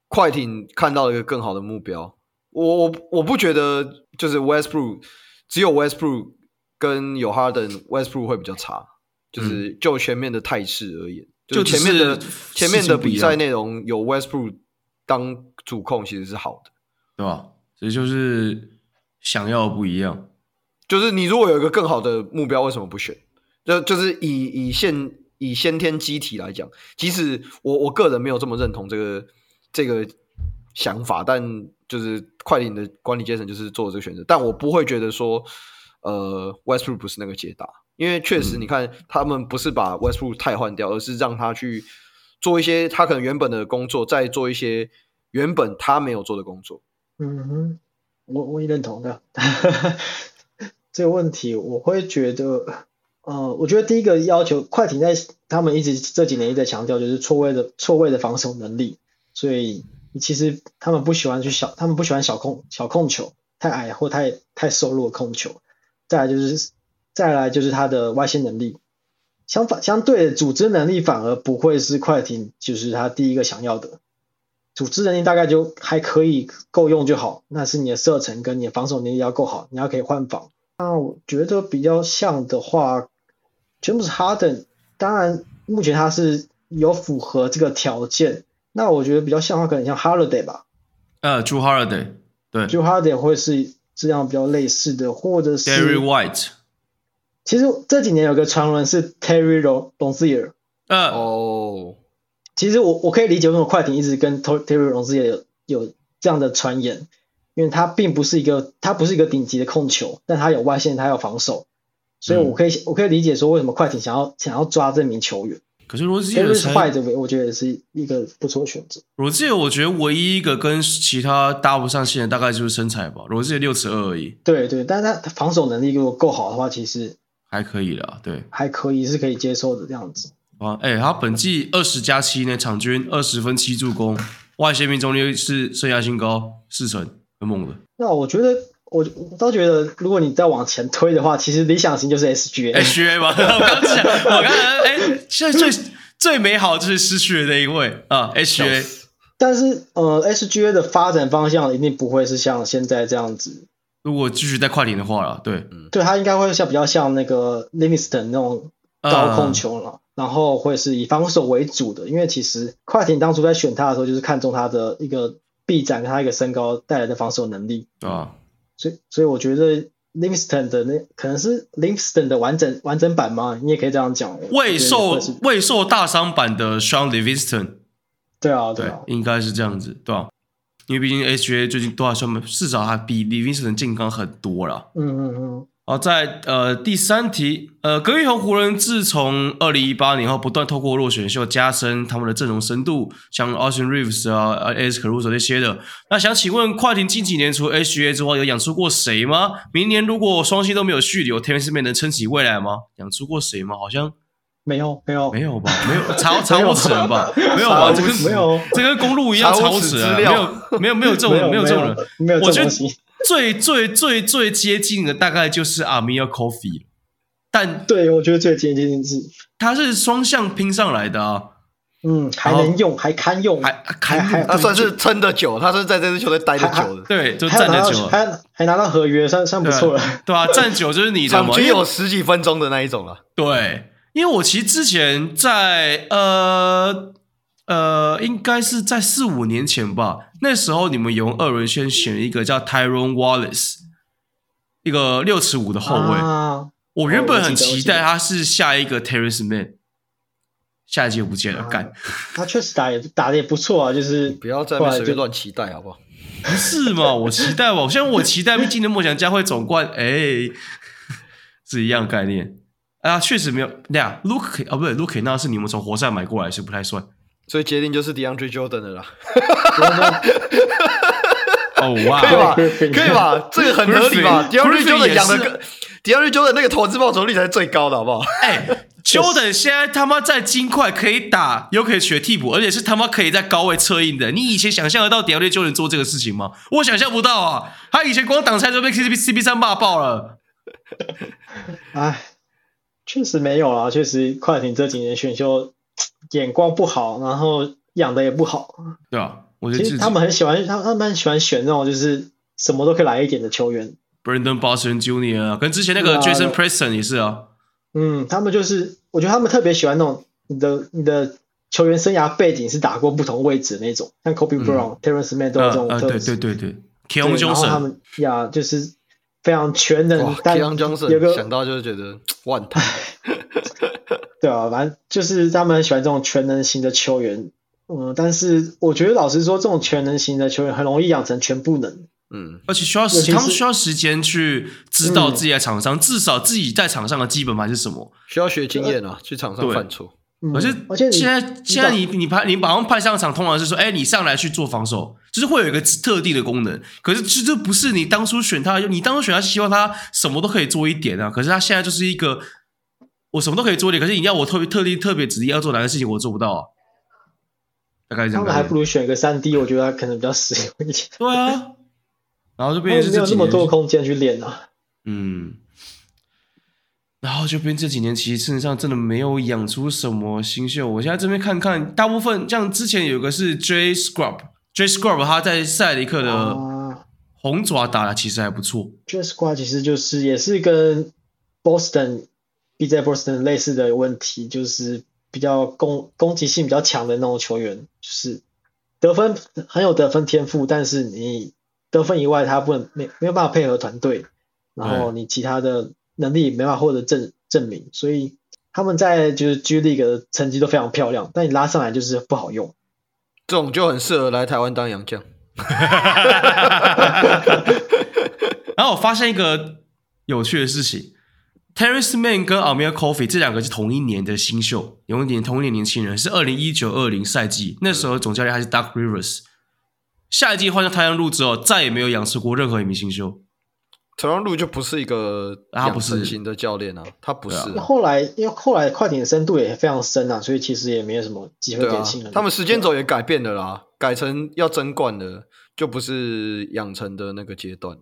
快艇看到了一個更好的目標。我我我不覺得就是 Westbrook 只有 Westbrook 跟有 Harden、嗯、Westbrook 會比較差。就是就全面的態勢而言，就是，前面的、前面的比賽內容有 Westbrook 當主控其實是好的，對吧、啊？所以就是想要不一樣，就是你如果有一個更好的目標，為什麼不選？就就是以以先以先天機體來講，即使我我個人沒有這麼認同這個這個想法，但就是快艇的管理階層就是做這個選擇，但我不會覺得說，呃，Westbrook 不是那個解答，因為確實你看，嗯，他們不是把 Westbrook 汰換掉，而是讓他去做一些他可能原本的工作，再做一些原本他沒有做的工作。嗯，我我也認同的。 這個問題，我會覺得。呃，我覺得第一個要求，快艇在他們一直這幾年一直在強調，就是錯位的錯位的防守能力。所以其實他們不喜歡去小，他們不喜歡小控小控球，太矮或太太瘦弱的控球。再來就是再來就是他的外線能力，相反相對的組織能力反而不會是快艇，就是他第一個想要的組織能力大概就還可以夠用就好。那是你的射程跟你的防守能力要夠好，你要可以換防。那我覺得比較像的話。全部是 Harden，當然目前他是有符合這個條件。那我覺得比較像的話，可能像 Holiday 吧。呃，Jrue Holiday，對，Jrue Holiday 會是這樣比較類似的，或者是 Terry White。其實這幾年有個傳聞是 Terry Rozier。嗯，哦，其實我我可以理解為什麼快艇一直跟 Terry Rozier 有有這樣的傳言，因為他並不是一個他不是一個頂級的控球，但他有外線，他有防守。所以，我可以、嗯，我可以理解說，為什麼快艇想要想要抓這名球員。可是羅齊爾，是壞是的？我覺得是一個不錯的選擇。羅齊爾，我覺得唯一一個跟其他搭不上線的，大概就是身材吧。羅齊爾六尺二而已。對對，但他防守能力如果夠好的話，其實還可以的。對，還可以，是可以接受的這樣子。啊，哎、欸，他本季二十加七呢，場均二十分七助攻，外線命中率是生涯新高四成，很猛的。那我覺得。我我倒覺得，如果你再往前推的話，其實理想型就是 S G A，哎，S A 吧。 我剛才我剛剛哎，現在最 最美好就是失去的那一位啊，S A。但是呃，S G A 的發展方向一定不會是像現在這樣子。如果繼續在快艇的話了，對，嗯，對，他應該會像比較像那個 Livingston 那種高控球了，嗯，然後會是以防守為主的。因為其實快艇當初在選他的時候，就是看中他的一個臂展跟他一個身高帶來的防守能力啊。所以，所以我覺得 Livingston 的那可能是 Livingston 的完整完整版嗎？你也可以這樣講，未受未受大傷版的 Shaun Livingston 對啊。對啊，對，應該是這樣子，對啊。嗯。因為畢竟 HGA 最近多少傷嘛，至少還比 Livingston 健康很多了。嗯嗯嗯。嗯。好、哦，在呃第三題，呃，格魚和湖人自從二零一八年後，不斷透過落選秀加深他們的陣容深度，像 Austin Reaves 啊、a、啊啊、Caruso 這些的。那想請問，快艇近幾年除 HBA 之外，有養出過誰嗎？明年如果雙星都沒有續留 Terance Mann 能撐起未來嗎？養出過誰嗎？好像沒有，沒有，沒有吧？沒 有，超超死人吧？沒有吧，這跟這跟公路一樣超死了，沒有，沒有，沒有這種人，人， 沒有這種人沒有，沒有這種人。 最最最最接近的大概就是 Amir Coffey，但對我覺得最接近的是，它是雙向拼上來的啊。嗯，還能用，還堪用，還還還，他算是撐得久，他是在這支球隊待得久的，對，就站得久，還還拿到合約，算算不錯了，對吧、啊啊？站久就是你什麼、嗯，只有十幾分鐘的那一種了、啊。對，因為我其實之前在呃呃，應該是在四五年前吧。那時候你們用二輪先選，選一個叫 Tyrone Wallace，一個六尺五的後衛、啊。我原本很期待他是下一個 Terance Mann，下一屆我不接了，幹、啊。他確實打也打的也不錯啊，就是不要再隨便亂期待好不好？不是嘛？我期待吧，雖然我期待今年夢想家會總冠軍，哎、欸， 是一樣概念。啊，確實沒有。那 Luke 啊，不對，Luke 那是你們從活塞買過來，是不太算。所以決定就是 DeAndre Jordan 的啦， oh, wow. 可以吧？可以吧？這個很合理吧。DeAndre Jordan 養的 DeAndre Jordan 那個投資報酬率才是最高的，好不好？哎、欸 yes.，Jordan 現在他媽在金塊可以打，又可以學替補，而且是他媽可以在高位策應的。你以前想象得到 DeAndre Jordan 做這個事情嗎？我想象不到啊！他以前光擋拆就被 CP3 罵爆了。哎， 確實沒有啊，確實快艇這幾年選秀。眼光不好，然後養的也不好。對啊，我覺得其實他們很喜歡，他他們很喜歡選那種就是什麼都可以來一點的球員，Brandon Boston Junior 啊，跟之前那個 Jason、啊、Preston 也是啊。嗯，他們就是，我覺得他們特別喜歡那種你的你的球員生涯背景是打過不同位置的那種，像 Kobe Brown、嗯、Terance Mann 都這種、啊啊。對對對對，Keon Johnson 他們、Johnson、呀就是非常全能。Keon Johnson 想到就是覺得萬能。 對啊，反正就是他們很喜歡這種全能型的球員，嗯，但是我覺得老實說，這種全能型的球員很容易養成全部能，嗯，而且需要時、就是、他們需要時間去知道自己在場上、嗯，至少自己在場上的基本盤是什麼，需要學經驗啊，去場上犯錯、嗯。而且現在現在你你派你把他們派上場，通常是說，哎、欸，你上來去做防守，就是會有一個特定的功能。可是這這不是你當初選他，你當初選他希望他什麼都可以做一點啊，可是他現在就是一個。我什麼都可以做點，可是你要我特別特地特別執意要做哪個事情，我做不到，啊。大概這樣，還不如選個三 D，我覺得可能比較實用一點。對啊，然後這邊是，哦，沒有這麼多空間去練，啊、嗯，然後這邊這幾年其實身上真的沒有養出什麼新秀。我現在這邊看看，大部分像之前有個是 Jay Scrubb，Jay Scrubb 他在塞爾提克的紅爪打的其實還不錯。Uh, Jay Scrubb 其實就是也是跟 Boston。類似的問題就是比較攻攻擊性比較強的那種球員，就是得分很有得分天賦，但是你得分以外，他不能沒沒有辦法配合團隊，然後你其他的能力沒辦法獲得證證明，所以他們在就是 G League 的成績都非常漂亮，但你拉上來就是不好用。這種就很適合來台灣當洋將。 然後我發現一個有趣的事情。Terance Mann 跟 Amir Coffee 這兩個是同一年的新秀，同一年同一年，年輕人是二零一九二零賽季，那時候總教練還是 Doc Rivers。下一季換上太陽路之後再也沒有養成過任何一名新秀。太陽路就不是一個養成型的教練啊，他不是。不是啊，後來因為後來快艇深度也非常深啊，所以其實也沒有什麼機會點新人。他們時間軸也改變了啦，啊、改成要爭冠的，就不是養成的那個階段。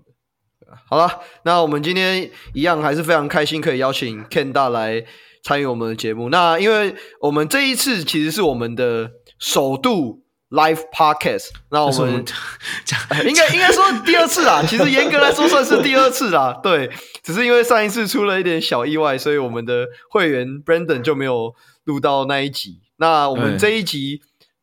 好了，那我們今天一樣還是非常開心，可以邀請 Ken 大來參與我們的節目。那因為我們這一次其實是我們的首度 Live Podcast，那我們應該應該說第二次啦， 其實嚴格來說算是第二次啦，對，只是因為上一次出了一點小意外，所以我們的會員 Brandon 就沒有錄到那一集。那我們這一集。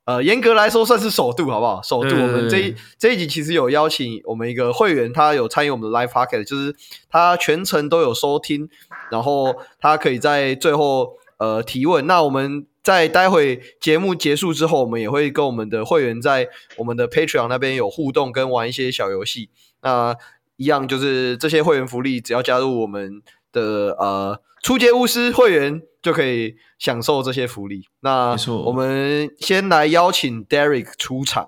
呃，嚴格來說算是首度，好不好？首度，對對對，我們這一這一集其實有邀請我們一個會員，他有參與我們的 live pocket，就是他全程都有收聽，然後他可以在最後呃提問。那我們在待會節目結束之後，我們也會跟我們的會員在我們的 patreon 那邊有互動，跟玩一些小遊戲。那一樣就是這些會員福利，只要加入我們的呃初階巫師會員。就可以享受這些福利。那我們先來邀請 Derek 出場。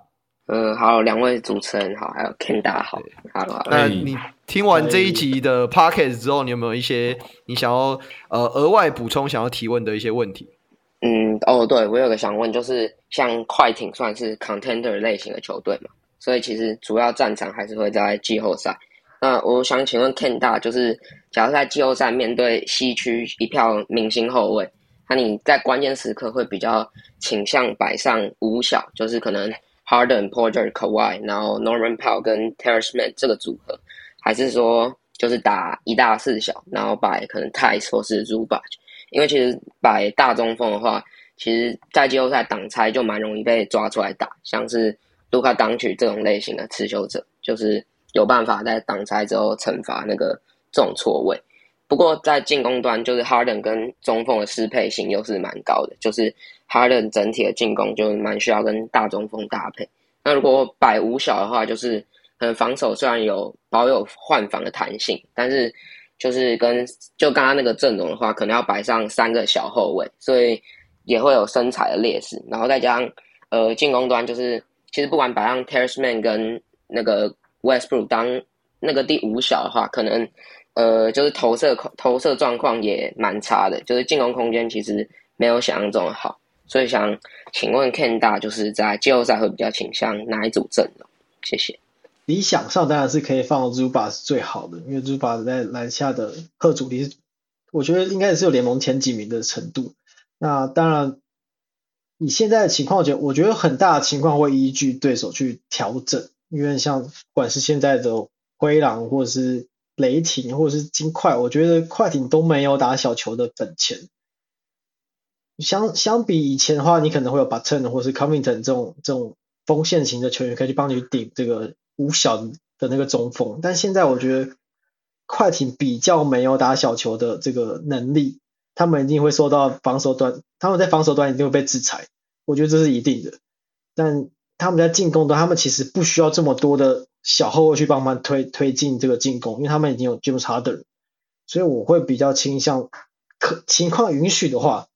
嗯、呃，好，兩位主持人好，還有 Ken 大好，好。好了好。那你聽完這一集的 Podcast 之後，你有沒有一些你想要呃額外補充、想要提問的一些問題？嗯，哦，對，我有個想問，就是像快艇算是 Contender 類型的球隊嘛，所以其實主要戰場還是會，在季後賽。那、嗯、我想請問，Ken 大就是，假如在季後賽面對西區一票明星後衛，那你在關鍵時刻會比較傾向擺上五小，就是可能 Harden、Porter、Kawhi，然後 Norman Powell 跟 Terance Mann 這個組合，還是說就是打一大四小，然後擺可能 Theis 或是 Zubac？因為其實擺大中鋒的話，其實在季後賽擋拆就蠻容易被抓出來打，像是 Luka Dončić 這種類型的持球者，就是。有辦法在擋拆之後懲罰那個這種錯位，不過在進攻端就是 Harden 跟中鋒的適配性又是蠻高的，就是 Harden 整體的進攻就蠻需要跟大中鋒搭配。那如果擺五小的話，就是很防守雖然有保有換防的彈性，但是就是跟就剛剛那個陣容的話，可能要擺上三個小後衛，所以也會有身材的劣勢。然後再加上呃進攻端就是其實不管擺上 Terance Mann 跟那個。Westbrook 當那個第五小的話，可能呃就是投射投射狀況也蠻差的，就是進攻空間其實沒有想象中的好，所以想請問 Ken 大就是在季後賽會比較傾向哪一組陣容？謝謝。理想上當然是可以放 Zuba 是最好的，因為 Zuba 在籃下的賀主力我覺得應該也是有聯盟前幾名的程度。那當然你現在的情況，就，我覺得很大的情況會依據對手去調整。因為像不管是現在的灰狼，或者是雷霆，或者是金塊，我覺得快艇都沒有打小球的本錢。相相比以前的話，你可能會有 Batum 或者是 Covington 這種這種鋒線型的球員可以去幫你頂這個五小的那個中鋒，但現在我覺得快艇比較沒有打小球的這個能力，他們一定會受到防守端，他們在防守端一定會被制裁，我覺得這是一定的。但他們在進攻端，他們其實不需要這麼多的小後衛去幫忙推推進這個進攻，因為他們已經有 Harden。所以我會比較傾向，可情況允許的話，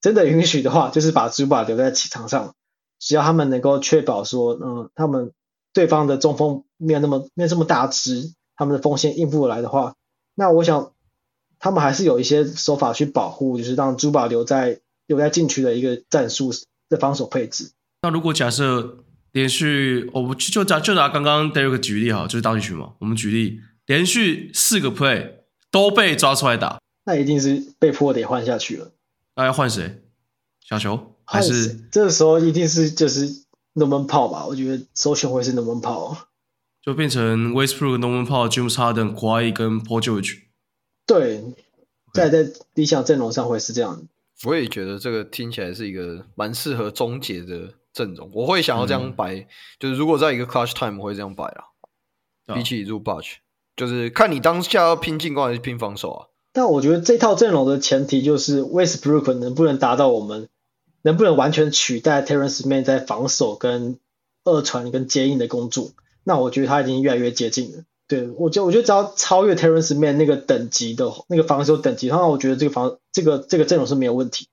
真的允許的話，就是把 Zubac 留在球場上。只要他們能夠確保說，嗯，他們對方的中鋒沒有那麼沒有這麼大只，他們的鋒線應付得來的話，那我想他們還是有一些手法去保護，就是讓 Zubac 留在留在禁區的一個戰術的防守配置。那如果假設。連續我們、哦、就，就拿就拿剛剛第二個舉例哈，就是當局嘛，我們舉例連續四個 play 都被抓出來打，那一定是被迫得換下去了。那、呃、要換誰？小球還是？這個時候一定是就是諾曼炮吧？我覺得首選會是諾曼炮，就變成 Westbrook 諾曼炮 James Harden、Kawhi 跟 Paul George。對，在在理想陣容上會是這樣。Okay. 我也覺得這個聽起來是一個蠻適合終結的。陣容我會想要這樣擺，嗯、就是如果在一個 clutch time 會這樣擺啊，啊比起 Zubac，就是看你當下要拼進攻還是拼防守啊。但我覺得這套陣容的前提就是 Westbrook 能不能達到我們，能不能完全取代 Terance Mann 在防守跟二傳跟接應的工作？那我覺得他已經越來越接近了。對我覺得，我覺得只要超越 Terance Mann 那個等級的，那個防守等級，那我覺得這個防這個這個陣容是沒有問題。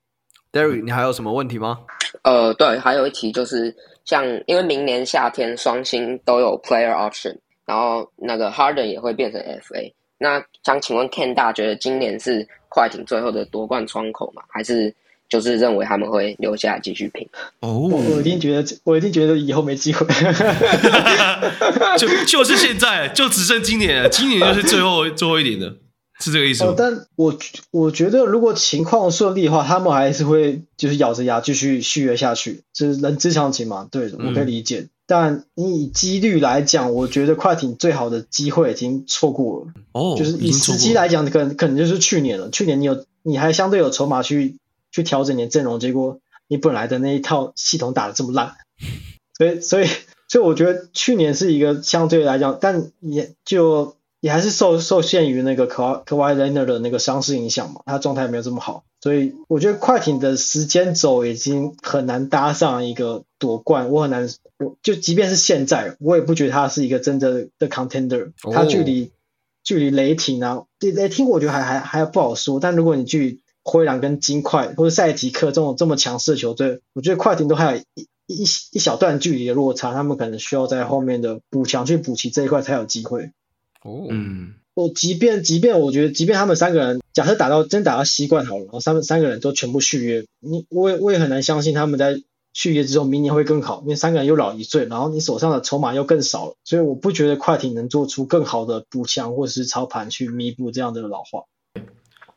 Derry，你還有什麼問題嗎？嗯呃，對，還有一題就是，像因為明年夏天雙星都有 player option，然後那個 Harden 也會變成 FA，那想請問 Ken 大覺得今年是快艇最後的奪冠窗口嗎？還是就是認為他們會留下來繼續拼？哦、oh，我已經覺得，我已經覺得以後沒機會， 就就是現在，就只剩今年了，今年就是最後 最後一年了。是這個意思嗎？哦、但我我覺得，如果情況順利的話，他們還是會就是咬着牙繼續續約下去，就是人之常情嘛。對，我可以理解。嗯、但你以幾率來講，我覺得快艇最好的機會已經錯過了。哦，就是以時機來講，可能可能就是去年了。去年你有，你還相對有籌碼去去調整你的陣容，結果你本來的那一套系統打得這麼爛， 所以所以所以我覺得去年是一個相對來講，但也就。也還是受受限於那個 Kawhi Kawhi Leonard 的那個傷勢影響嘛，他狀態沒有這麼好，所以我覺得快艇的時間軸已經很難搭上一個奪冠。我很難，我就即便是現在，我也不覺得他是一個真正的 contender。哦。他距離距離雷霆啊，對雷霆，我覺得還還還不好說。但如果你距離灰狼跟金塊，或者賽提克這種這麼強勢的球隊，我覺得快艇都還有一一一小段距離的落差，他們可能需要在後面的補強去補齊這一塊才有機會。哦，嗯，我即便即便我覺得，即便他們三個人，假設打到真打到西冠好了，然後三三個人都全部續約，你我也我也很難相信他們在續約之後明年會更好，因為三個人又老一歲，然後你手上的籌碼又更少了，所以我不覺得快艇能做出更好的補強或是操盤去彌補這樣的老化。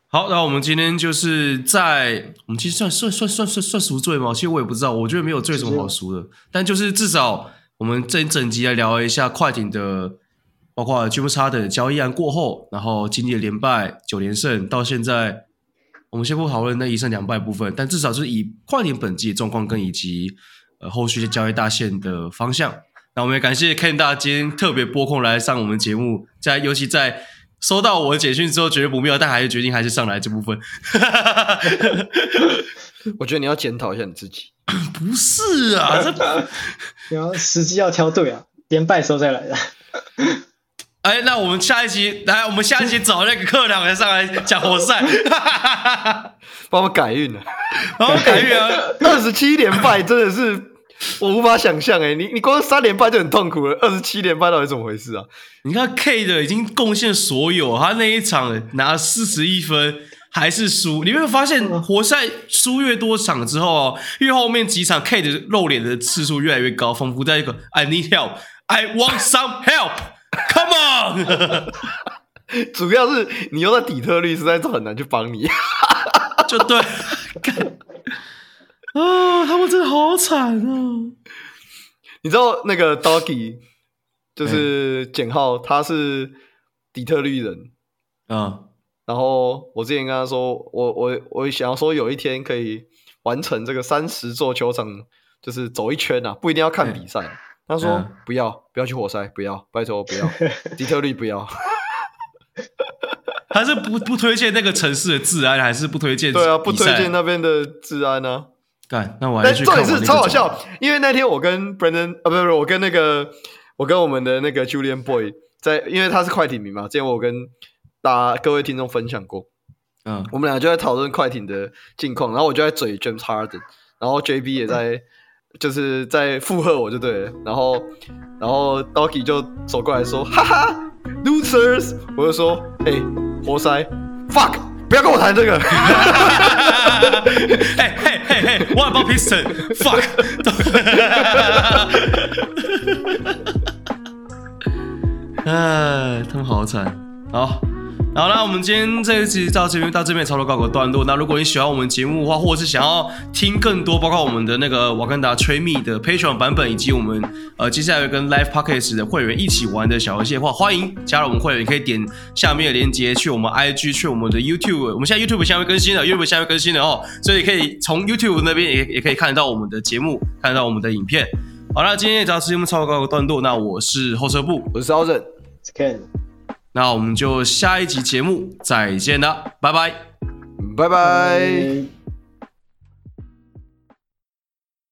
好，那我們今天就是在我們其實算算算算算算贖罪嗎？其實我也不知道，我覺得沒有罪什麼好贖的，就是，但就是至少我們這一整集來聊一下快艇的。包括巨幅差的交易案過後，然後經歷了連敗九連勝到現在，我們先不討論那一勝兩敗部分，但至少是以跨年本季的狀況跟以及呃後續的交易大限的方向。那我們也感謝 Ken 大今天特別撥空來上我們節目，在尤其在收到我的簡訊之後覺得不妙，但還是決定還是上來這部分。 我覺得你要檢討一下你自己。不是啊， 真的你要時機要挑對啊，連敗時候再來 哎、欸，那我們下一期來，我們下一期找那個克朗上來講活塞， 把我改運了，把我改運啊！二十七連敗真的是 我無法想象哎，你你光三連敗就很痛苦了，二十七連敗到底怎麼回事啊？你看 K 的已經貢獻所有，他那一場拿四十一分還是輸，你有沒有發現活塞輸越多場之後啊、哦，越後面幾場 K 的露臉的次數越來越高，仿佛在一個 I need help, I want some help。 Come on， 主要是你又在底特律，實在是很難去幫你，就對 。 啊，他們真的好慘啊！你知道那個 Doggy，就是簡浩，他是底特律人啊、欸嗯。然後我之前跟他說，我我我想要說，有一天可以完成這個三十座球場，就是走一圈啊，不一定要看比賽。欸他說、嗯：“不要，不要去活塞，不要，拜託，不要，底特律，不要。”他是不不推薦那個城市的治安，還是不推薦？對啊，不推薦那邊的治安啊！幹，那我還是。重點是超好笑，因為那天我跟 Brendan 啊，不是不是，我跟那個我跟我們的那個 Julian Boy 在，因為他是快艇迷嘛，之前我跟大家各位聽眾分享過，嗯，我們倆就在討論快艇的近況，然後我就在嘴 James Harden，然後 JB 也在。嗯就是在附和我就對了，然後，然後 Doggy 就走過來說，哈哈，Losers，我就說，哎、欸，活塞，fuck，不要跟我談這個，哎，嘿嘿嘿，What about piston，fuck，哈 哈 哈、啊、哈哈，哎，他們好慘，好、oh.。好啦，我們今天這一集到這邊，到這邊差不多告個段落。那如果你喜歡我們節目的話，或者是想要聽更多，包括我們的那個瓦甘達吹密的 Patreon 版本，以及我們呃接下來跟 Live Pockets 的會員一起玩的小遊戲的話，歡迎加入我們會員，你可以點下面的鏈接去我們 IG，去我們的 YouTube。我們現在 YouTube 下面更新了，YouTube 下面更新了哦，所以可以從 YouTube 那邊也也可以看得到我們的節目，看得到我們的影片。好了，今天也暫時就我們差不多告個段落。那我是後撤步，我是 Sauzen，Ken。那我們就下一集節目再見了，拜拜，拜拜。Bye.